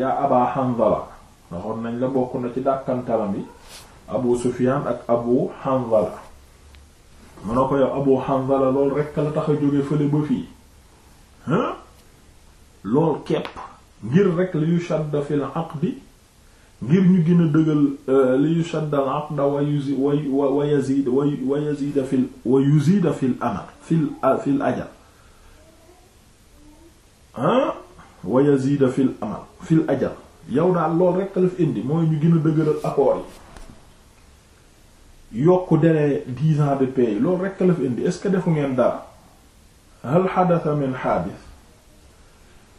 yaa aba hanzala waxoon nañ la bokk na ci dàkkantalam yi abu sufiyaan ak abu hanzala mun na ko abu hanzala lool rekk la tax a jóge fële ba fii hein lool kepp ngir rek li yu shadda fil aqdi ngir ñu gën a dëgël euh, li yu shadda al aqda wa yuzi wa wa yazid wa yazid fil wa yuzida fil amr fil fil ajal hein wa yazida fil amr fil ajal yow daal loolu rekk la fi indi mooy ñu gën dëgëral accords yi yokk délai dix ans de paix loolu rekk la fi indi est-ce que defu ngeen dara hal xadatha min xaadis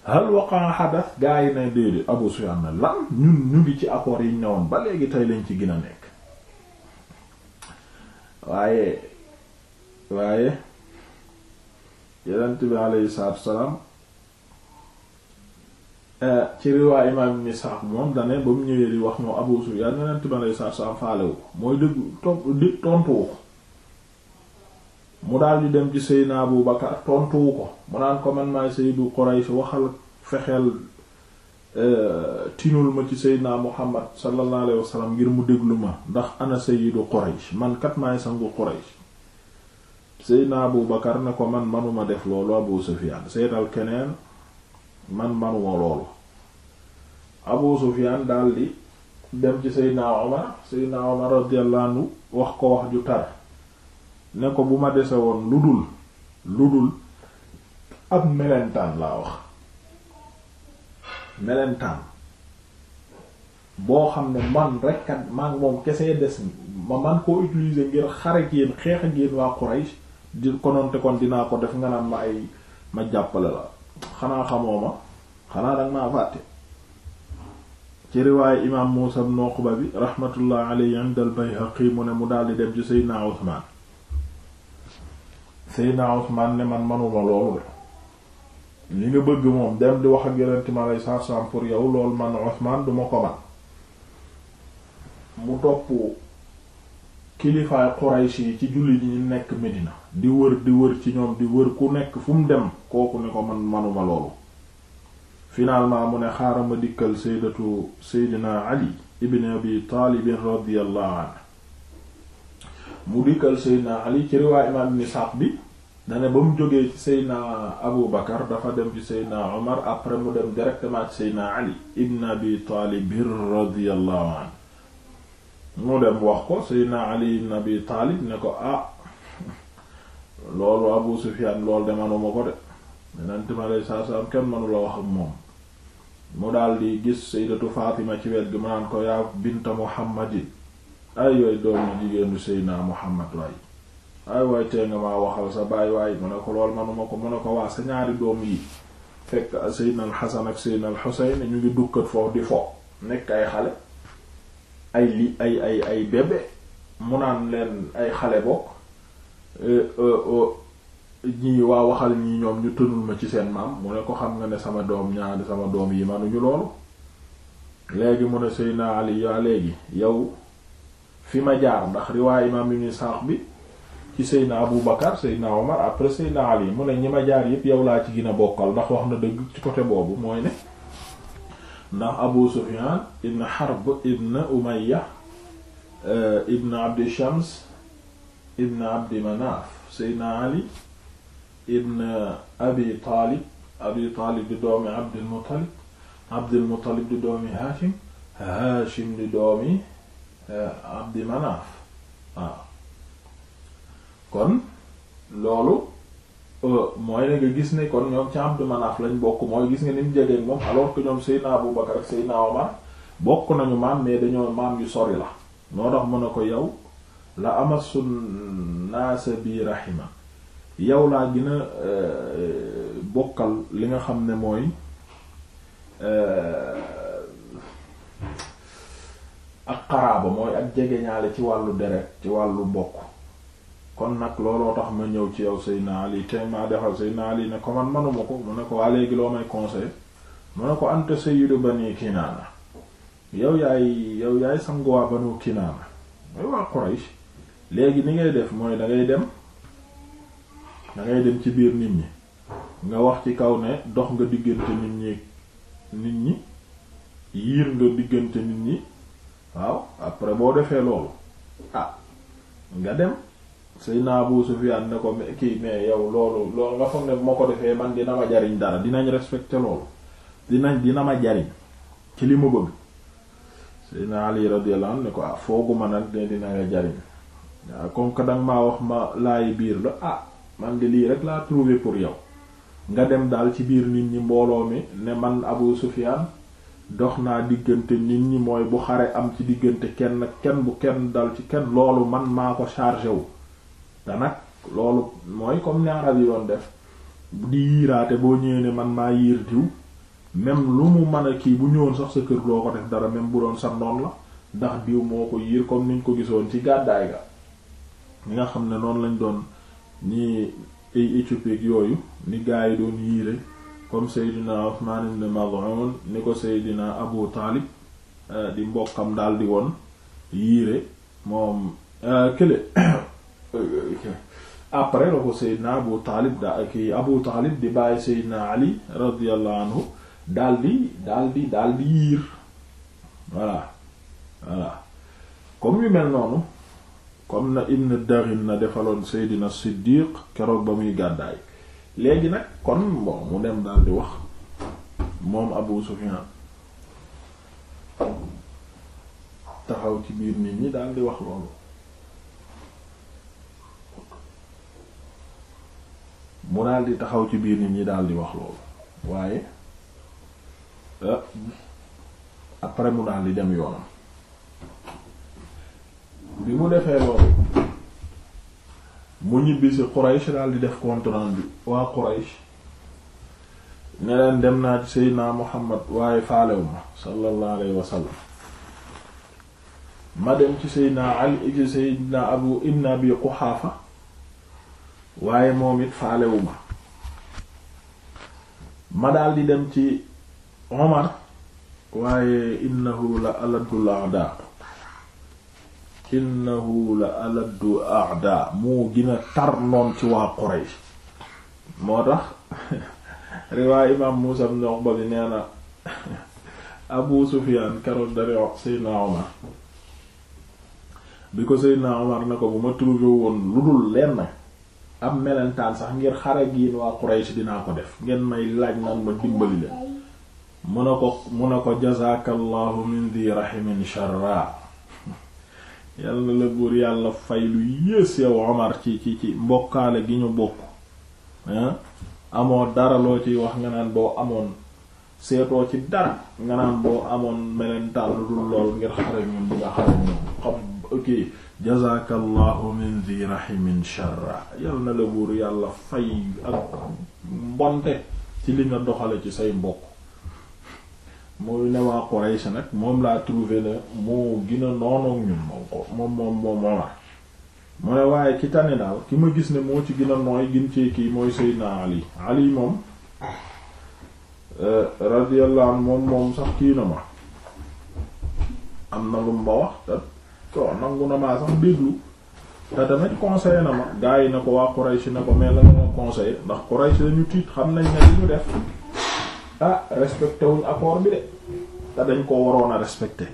hal waqa xadas gaa yi ne déedéet Abu Sufyaan na lan ñun ñu ngi ci accords yi ñu newoon ba léegi tey lañ ci gën a nekk waaye waaye yonent bi aleyhi salaatu salaam ci riwaa imaam ibn Sa'd moom dane ba mu ñëwee di wax moom Abu Sufyaan yeneen tubaab lay saa saa faalewu mooy dëgg tontu tontuwu ko mu daal di dem ci Seydina Abu Bakar tontuwu ko mu naan ko man maay Sayyidu Quraysh waxal fexeel euh, tinul ma ci Seydina Muhammad sallallahu alayhi wa sallam ngir mu déglu ma ndax ana Sayyidu Quraysh man kat maay sangu Quraysh Seydina Abu Bakar ne ko man manuma def loolu Abu Sufyaan seetal keneen man manuma loolu Abu Sufyan daldi dem ci Seydina Omar Seydina Omar radiyallahu anhu wax ko wax ju tar ne ko bu ma dese woon lu dul lu dul ab melentaan laa wax melentaan boo xam ne man rekk ak maak moom kese des ma man koo utiliser ngir xare ak xeex ak yéen waa Quraysh di kononte kon dinaa ko def nga naan ma ay ma jàppale la xanaa xamoo ma xanaa danga maa fàtte ci riwaaye imaam Muusa ibn Uqba bi rahmatullah alayhi inda al-Bayhaqi mu ne mu daldi dem ci Seydina Usmaan Seydina Usmaan ne man manuma loolu de li nga bëgg moom dem di wax ak yonent mi alayhi salaatu pour yow loolu man Usmaan duma ko man mu topp kilifaay Quraysh yi ci jullit ñi nekk Medina di wër di wër ci ñoom di wër ku nekk fu mu dem kooku ne ko manuma loolu finalement mu ne xaaral ma dikkal saydatu seydina ali ibn abi taalibin radiallahu an mu dikkal seydina ali ci riwaay imaam ibn Isaaq bi dane ba mu jógee ci seydina abu bakar dafa dem ci seydina omar après mu dem directement ci seydina ali ali ibn abi taalib ne ko ah loolu abu sufiyaan loolu de manuma ko de yeneen time alay saa kenn manula wax ak moom mu daldi gis sayyidatu Fatima ci wet gi mu naan ko yaa binta Muhammadin ay yooyu doomu jigéenu Seydina Muhammad waay ay waay tee nga maa waxal sa baay waay mu ne ko lool manuma ko mu ne ko waa sa ñaari doom yi fekk Seydina al-Hasan ak Seydina al ñu ngi dukkat foofu di fo nekk ay xale ay li ay ay ay mu naan leen ay xale bokk euh, euh, euh, ñi waa waxal ñii ñoom ñu tënul ma ci seen maam mu ne ko xam nga ne sama doom ñaari sama doom yi manuñu loolu léegi mu ne Seydina Ali yaa léegi yow fi ma jaar ndax riwaay imaam ibn Sa'd bi ci Seydina Abu Bakar Seydina Omar après Seydina Ali mu ne ñi ma jaar yépp yow laa ci gën a bokkal ndax wax na dëgg ci côté boobu mooy ne ndax Abu Sufyan ibn Harb ibn Umayya euh, ibn Abdi Shams ibn Abdi Manaf Seydina Ali ibn uh, abi taalib abi taalib di doomi abdul muttalib abdul muttalib di doomi haashim haashim di doomi uh, abdi manaaf waaw ah. kon loolu uh, mooy ne nga gis ne kon ñoom ci abdi manaaf lañ bokk mooy gis nga ni mu jege moom alors que ñoom seydna abu bakar ak seydna omar bokk nañu maam mais dañoo maam yu sori la moo tax mën a ko yow la amasun naasa bi yow laa gina a euh, bokkal li nga xam ne mooy euh, ak xaraaba mooy ak jegeñaale ci wàllu deret ci wàllu mbokk kon nag looloo tax ma ñëw ci yow Seydina Ali tey maa defal Seydina Ali ne ko man manuma ko mu ne ko waa léegi loo may conseil mu ne ko anta ba bani Kinaana yow yaay yow yaay sangu waa banu Kinaana mooy waa Quraysh léegi ni ngay def mooy da dem da ngay dem ci biir nit ñi nga wax ci kaw ne dox nga diggante nit ñi nit ñi yiir nga diggante nit ñi waaw après boo defee loolu ah nga dem Seydina Abu Sufyan ne ko kii mais yow loolu loolu nga foog moo ko defee man dina ma jariñ dara dinañ respecté loolu dinañ dina ma jariñ ci li ma bëgg Seydina Ali radiyallahu anhu ko ah fooguma nag de dina nga jariñ waaw ah, comme que danga maa wax ma laay biir la ah man de lii rek laa trouvé pour yow nga dem daal ci biir nit ñi mbooloo mi ne man Abu Sufyan dox naa diggante nit ñi mooy bu xare am ci diggante kenn kenn bu kenn dal ci kenn loolu man maa ko chargé wu te nag loolu mooy comme ni arab yi doon def di yiiraate boo ñëwee ne man maa yiir diw même lu mu mën a kii bu ñëwoon sax sa kër doo ko def dara même bu doon sa noon la ndax diw moo ko yiir comme niñ ko gisoon ci gàddaay ga ñi nga xam ne noonu lañ doon ni ay Éthiopie yooyu ni gaa yi doon yiire comme Seydina Abu Taalib euh, di mbokkam daldi woon yiire moom euh, kële [COUGHS] euh, après la ko Seydina Abu Taalib daa ki Abu Taalib di bàyyi Seydina Ali radiyallahu anhu daal di daal yiir voilà voilà comme yu mel noonu comme na Ibn Darin na defaloon Seydina Siddiq keroog ba muy gàddaay léegi nag kon bon mu dem daal di wax moom Abu Sufyan taxaw ci biir nit ñi daal di wax loolu mu daldi taxaw ci biir nit ñi daal di wax loolu waaye euh, après mu daal di dem yoonam bi mu defee loolu mu ñibbisi Quraysh daal di def compte bi waa Quraysh ne leen dem naa ci Seydina Muhammad waaye faalew ma sallallahu ma dem ci Seydina Ali ci Seydina Abu Ibn Abi Quhaafa waaye moom it faalewu ma ma di dem ci Omar waaye innahu la aladullah da innahu la aladdu a'da moo gën a tar noon ci waa Quraysh moo tax [LAUGHS] riwaay imaam Muusa ibn Uqba bi nee na [LAUGHS] Abu Sufyaan keroog dari wax Seydina Omar bi ko Seydina Omar na ko bu ma trouvé woon lu dul lenn am melentaan sax ngir xare gi waa Quraysh dinaa ko def ngeen may laaj naan ma dimbali leen mu na ko mu na ko jazaakallahu min di rahimin sharra yàlla la buur yàlla fay lu yées yow Omar ci ci mbokkaale gi ñu bokk ah amoo dara loo ciy wax nga naan boo amoon seetoo ci dara nga naan boo amoon melentaan lu dul lool ngir xare ñun nga xare ñun xam ok jazakallahu min zi rahimin sharra yàlla na la buur yàlla fay ak mbonte ci li nga doxale ci say mbokk muy ne waa Quraysh nag moom laa trouvé na moo gina noonoog ñun moom ko moom moom moom Omar mu ne waaye ki tane daal ki ma gis ne moo ci gina nooy gin ci kii mooy Seydina Ali Ali moom euh, radiyallahu anhu moom moom sax kii na ma am na lu ma wax te to nangu na maa sax déglu te tamit conseillé na ma gars yi na ko waa Quraysh na ko mais la ma conseillé ndax Quraysh lañu tiit xam nañ ne li def ah respecté wuñ accord bi de te dañ ko waroon a respecté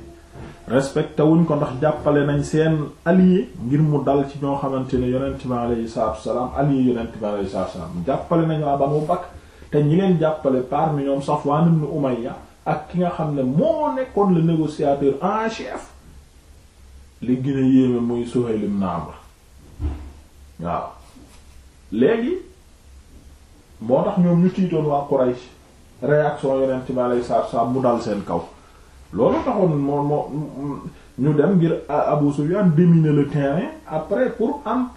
respecté wuñ ko ndax jàppale nañ seen allié ngir mu dal ci ñoo xamante ne yonent bi alayhi salaatu wasalaam allié yonent bi jàppale nañ waa mu Bakr te ñi leen jàppale parmi ñoom Safwan ibn Umayya ak ki nga xam ne moo nekkoon le négociateur en chef li gën a yéeme muy Suhayl ibn Amr waaw léegi moo tax ñoom ñu tiitoon waa Quraysh réaction yonent bi alayhi salaatu salaam mu dal seen kaw loolu taxoon moo moo ñu dem ngir Abu Sufyan dominer le terrain après pour en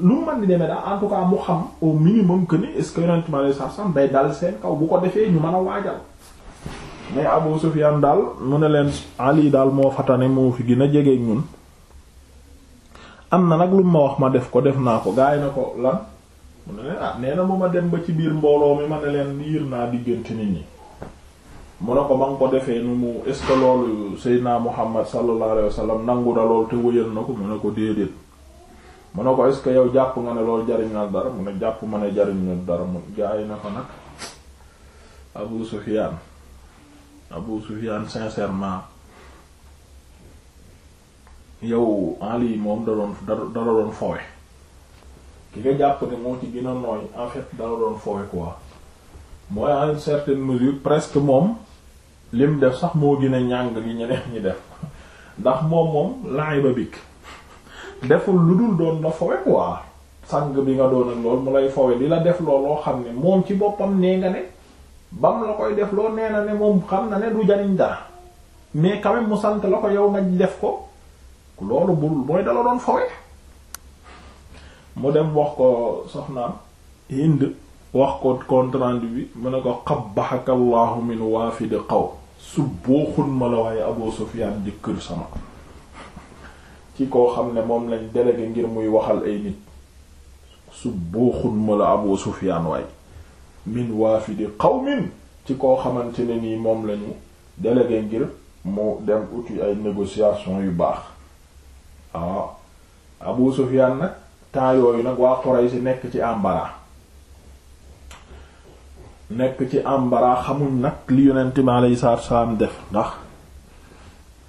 lu mu di demee daal en mu xam o minimum que ni est-ce que dal seen kaw bu ko defee ñu mën a waajal mais Abu Sufyan daal mu ne leen Ali daal moo fatane moo fi gën a jege ñun am na nag lu ma wax ma def ko def naa ko gaay na ko lan mu ne leen ah nee na mu ma dem ba ci biir mbooloo mi ma ne leen yir naa diggante nit ñi mu ne ko ba nga ko defee nu mu est ce que loolu Seydina Muhammad sallallahu alayhi wa sallam nangu na lool te wëyal na ko mu ne ko déedéet mu ne ko est ce que yow jàpp nga ne loolu jariñ naa dara mu ne jàpp ma ne jariñ na dara mu gaa yi na ko nag Abu Sufyan Abu Sufyan sincèrement yow Ali moom da doon da doon fowe ki nga jàpp ne moo ci gën nooy en fait dala doon foowe quoi mooy en certaine mesure presque moom lim def sax moo gën a ñàng li ñeneen ñi def ndax moom moom laay ba bikk deful lu dul doon la foowe waa sang bi nga doon ak lool mu lay foowe di la def lool loo xam ne moom ci boppam nee nga ne bam la koy def lool nee na ne moom xam na ne du jariñ dara mais quand mu sant la ko yow nga def ko loolu bul mooy dala doon foowe mu dem wax ko soxnaam Hind wax ko compte rendu bi mu ne ko qabbahaka Allahu min waafidi qaw su boo xun ma la waaye Abu Sufyaan jëkkër sama ci koo xam ne moom lañ délégué ngir muy waxal ay nit su boo xun ma la Abu Sufyaan waaye min waafidi qawmin ci koo xamante ne nii moom lañu délégué ngir mu dem uti ay négociation yu baax waaw ah, Abu Sufyaan nag temps yooyu nag waa Quraysh nekk ci ambara nekk ci ambara xamuñ nag li yonent mi alayhi salaatu salaam def ndax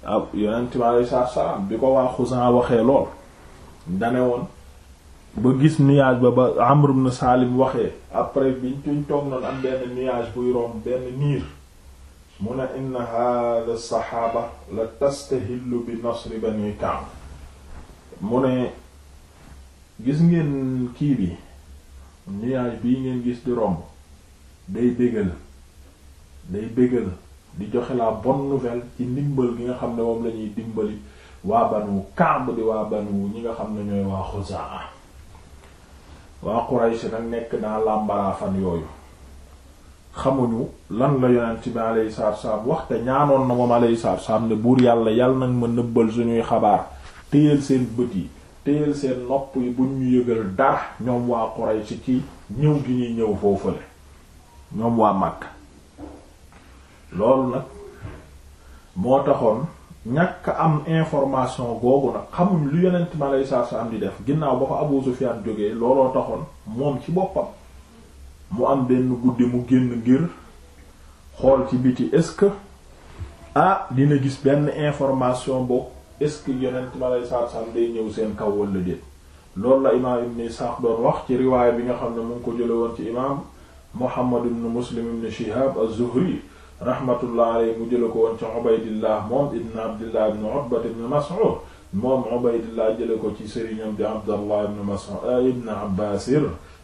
ah yonent mi alayhi salaatu salaam bi ko waa Xuzaa waxee lool dane woon ba gis nuage ba ba Amr ibn Salim waxee après biñ tuñ toog noonu am benn nuage buy romb benn niir mu ne inna hadha saxaaba la tastahillu bi nasri bani Ka'b mu ne gis ngeen kii bi nuage bii ngeen gis di romb day bégal day bégal di joxe la bonne nouvelle ci ndimbal gi nga xam ne moom lañuy ñuy dimbali waa wu Kaab di waa banu ñi nga xam ne ñooy waa Xusaa waa Quraysh nag nekk naa làmbaraa fan yooyu xamuñu lan la yonent bi alayhi salaatu salaam wax te ñaanoon na moom alayhi salaatu ne buur yàlla yàlla nag ma nëbbal suñuy xabaar téyeel seen bët yi téyel seen nopp yi buñ ñu yëgal dara ñoom waa Quraysh ci ñëw gi ñuy ñëw foofale ñoom waa Makka loolu nag moo taxoon ñàkk am information googu nag xamuñ lu yonent ma lay saa am di def ginnaaw ba ko Abu Sufyan jógee looloo taxoon moom ci boppam mu am benn guddi mu génn ngir xool ci biti est-ce que ah dina gis benn information boo est-ce que yonent ma lay saatu salaam day ñëw seen kaw wala déet loolu la imaam ibn Isaaq doon wax ci riwaaya bi nga xam ne mu ngi ko jële woon ci imaam Muhammad ibn Muslim ibn Shihab az-Zuhri rahmatullah alayhi mu jële ko woon ci Ubaydillah moom ibn Abdillah ibn Utba ibn Mas'ud moom Ubaydillah jële ko ci sëriñam di Abdallah ibn Mas'ud eh, ibn Abbas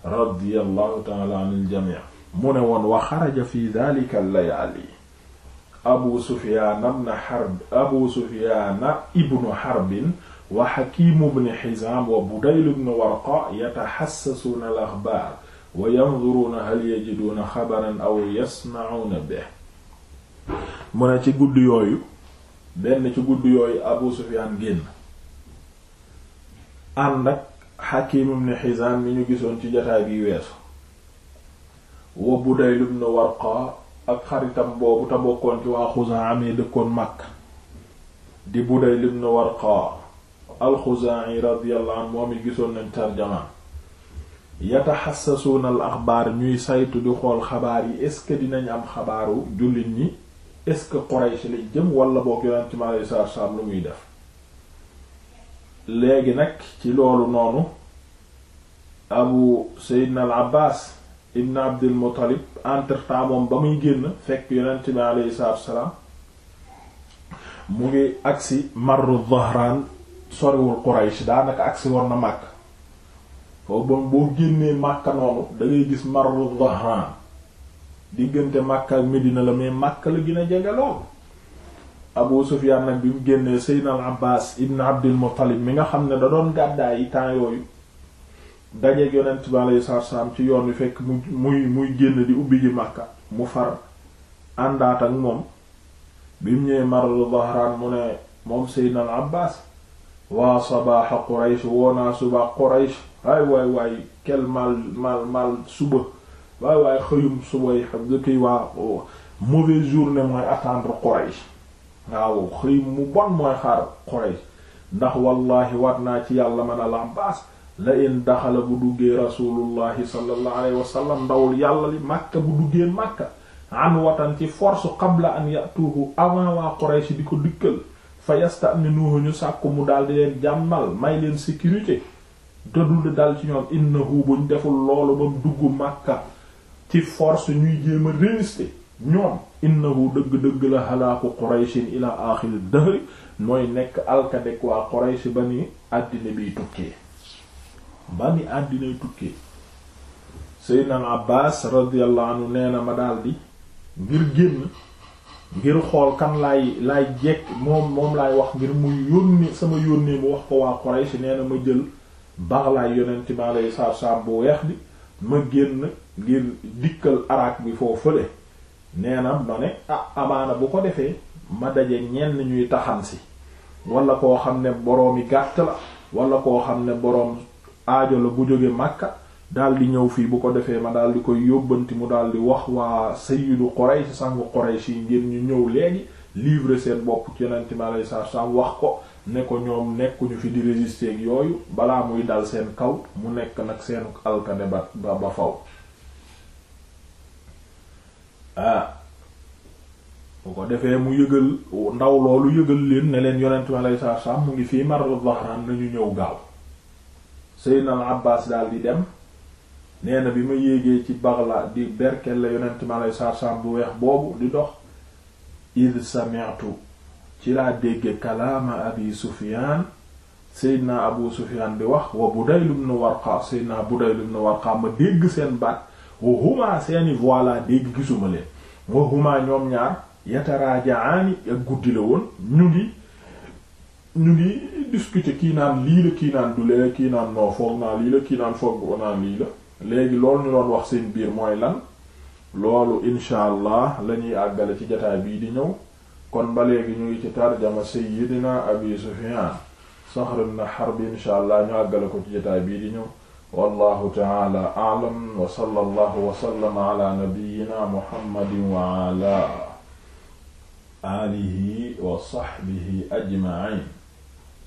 radiyallahu ta'ala anil jami' mu ne woon wa xaraja fi dhalika al-layali abu sufyaan ibn harb abu sufyaan ibnu harbin wa hakiim ibn hizaam wa budayl ibn warqa yatahassasuuna al axbaar wa yanzuruuna hal yajiduuna xabaran aw yasma'uuna bih mu ne ci guddi yooyu benn ci gudd yooyu abu sufyaan génn ànd ak hakiim ibn hizaam mi ñu gisoon ci jotaay bi weesu wa budayl ibn warqa ak xaritam boobu te bokkoon ci waa Xuzaa amee dëkkoon Makka di Budayl ibn Warqa al-Xuzaa'i radiyallahu anhu moom i gisoon nañ tarjama yataxassasuuna al axbaar ñuy saytu di xool xabaar yi est-ce que dinañ am xabaaru jullit ñi est-ce que Quraysh lañ jëm wala boog yonent mi alayhi salaatu lu muy def léegi nag ci loolu noonu abu Seydina al Abbaas ibn abdul muttalib entre temps moom ba muy génn fekk yonent bi aleyhi salaatu wasalaam mu ngi agsi marru dhahraan soriwul quraysh daanaka agsi war na màkk foofu ba boo génnee màkka noonu da ngay gis marru dhahraan diggante màkka ak medina la mais màkka la gën jege lool abu sufiyaan nag bi mu génnee seydina al abbaas ibn abdul muttalib mi nga xam ne da doon gàddaay temps dajeeg yonent bi alayhi ci yoon wi fekk mu muy muy génn di ubbi ji Makka mu far àndaat ak moom bi mu ñëwee maradu Bahraan mu ne moom Seydina al Abbaas waa sabaaxa Quraysh woo naa suba Quraysh waay kel mal mal suba waay waay xëyum suba yi xam nga kii waa mooy attendre Quraysh waaw xëy mu bon mooy xaar Quraysh ndax wallaahi war naa ci yàlla man al Abbaas la in daxala bu duggee rasulullahi sallallahu alayhi wa sallam ndawul yàlla li màkka bu duggee màkka an watan ci force qabla an yatuuhu avant waa Quraysh di ko dikkal fa yastaminuhu ñu sàkku mu daal di leen jàmmal may leen sécurité dodul di dal ci ñoom innahu buñ deful loolu ba dugg màkka ci force ñuy jéem a résister ñoom innahu dëgg-dëgg la halaaku Qurayshin ila axiri dëhri mooy nekk alkadek waa Quraysh ba ni àddina biy tukkee ba ni àddinay tukkee seydna al abbas radiyallahu anhu nee na ma daldi ngir génn ngir xool kan lay lay jekk moom moom laay wax ngir mu yónni sama yónnee mu wax ko waa Quraysh nee na ma jël baax laay yonent bi alayhi salaatu bu weex bi ma génn ngir dikkal arak bi foo fële nee na ma ne ah amaana bu ko defee ma daje ñenn ñuy taxan si wala koo xam ne boroomi gàtt la wala koo xam ne boroom aajo la bu jóge Makka daal di ñëw fii bu ko defee ma daal di koy yóbbanti mu daal di wax waa sayyidu Quraysh sangu Quraysh yi ngir ñu ñëw léegi livrer seen bopp ci yonent mi alayhi salaatu wax ko ne ko ñoom nekkuñu fi di résister ak yooyu balaa muy dal seen kaw mu nekk nag seenu alkane ba ba faw ah bu ko defee mu yëgal ndaw loolu yëgal leen ne leen yonent mi alayhi salaatu mu ngi fii Marru Dhahran nañu ñëw gaaw Seydina al Abbas di dem nee bi ma yéegee ci Bagla di berkel la yonent ma lay sarsam bu weex boobu di dox id sami'tu ci laa dégge kalaama abi Sufyaan Seydina Abu Sufyaan bi wax wa Budayl ibn Warqa Seydina Budayl ibn Warqa ma dégg seen baat wa huma seeni voilà dégg gisuma leen wa huma ñoom ñaar yataraajaani ak guddi la woon ñu ngi ñu ngi discuter kii naan lii la kii naan du kii naan non naa lii la kii naan foog naa lii la léegi lool ñu doon wax seen biir mooy lan loolu incha allah la ñuy àggale ci jataay bii di ñëw kon ba léegi ñu ngi ci tarjama sayyidina abi sufyan saxr ibn harb incha allah ñu àggale ko ci jataay bii di ñëw wallahu taala a'lam wa sallallahu wa sallama wa ala alihi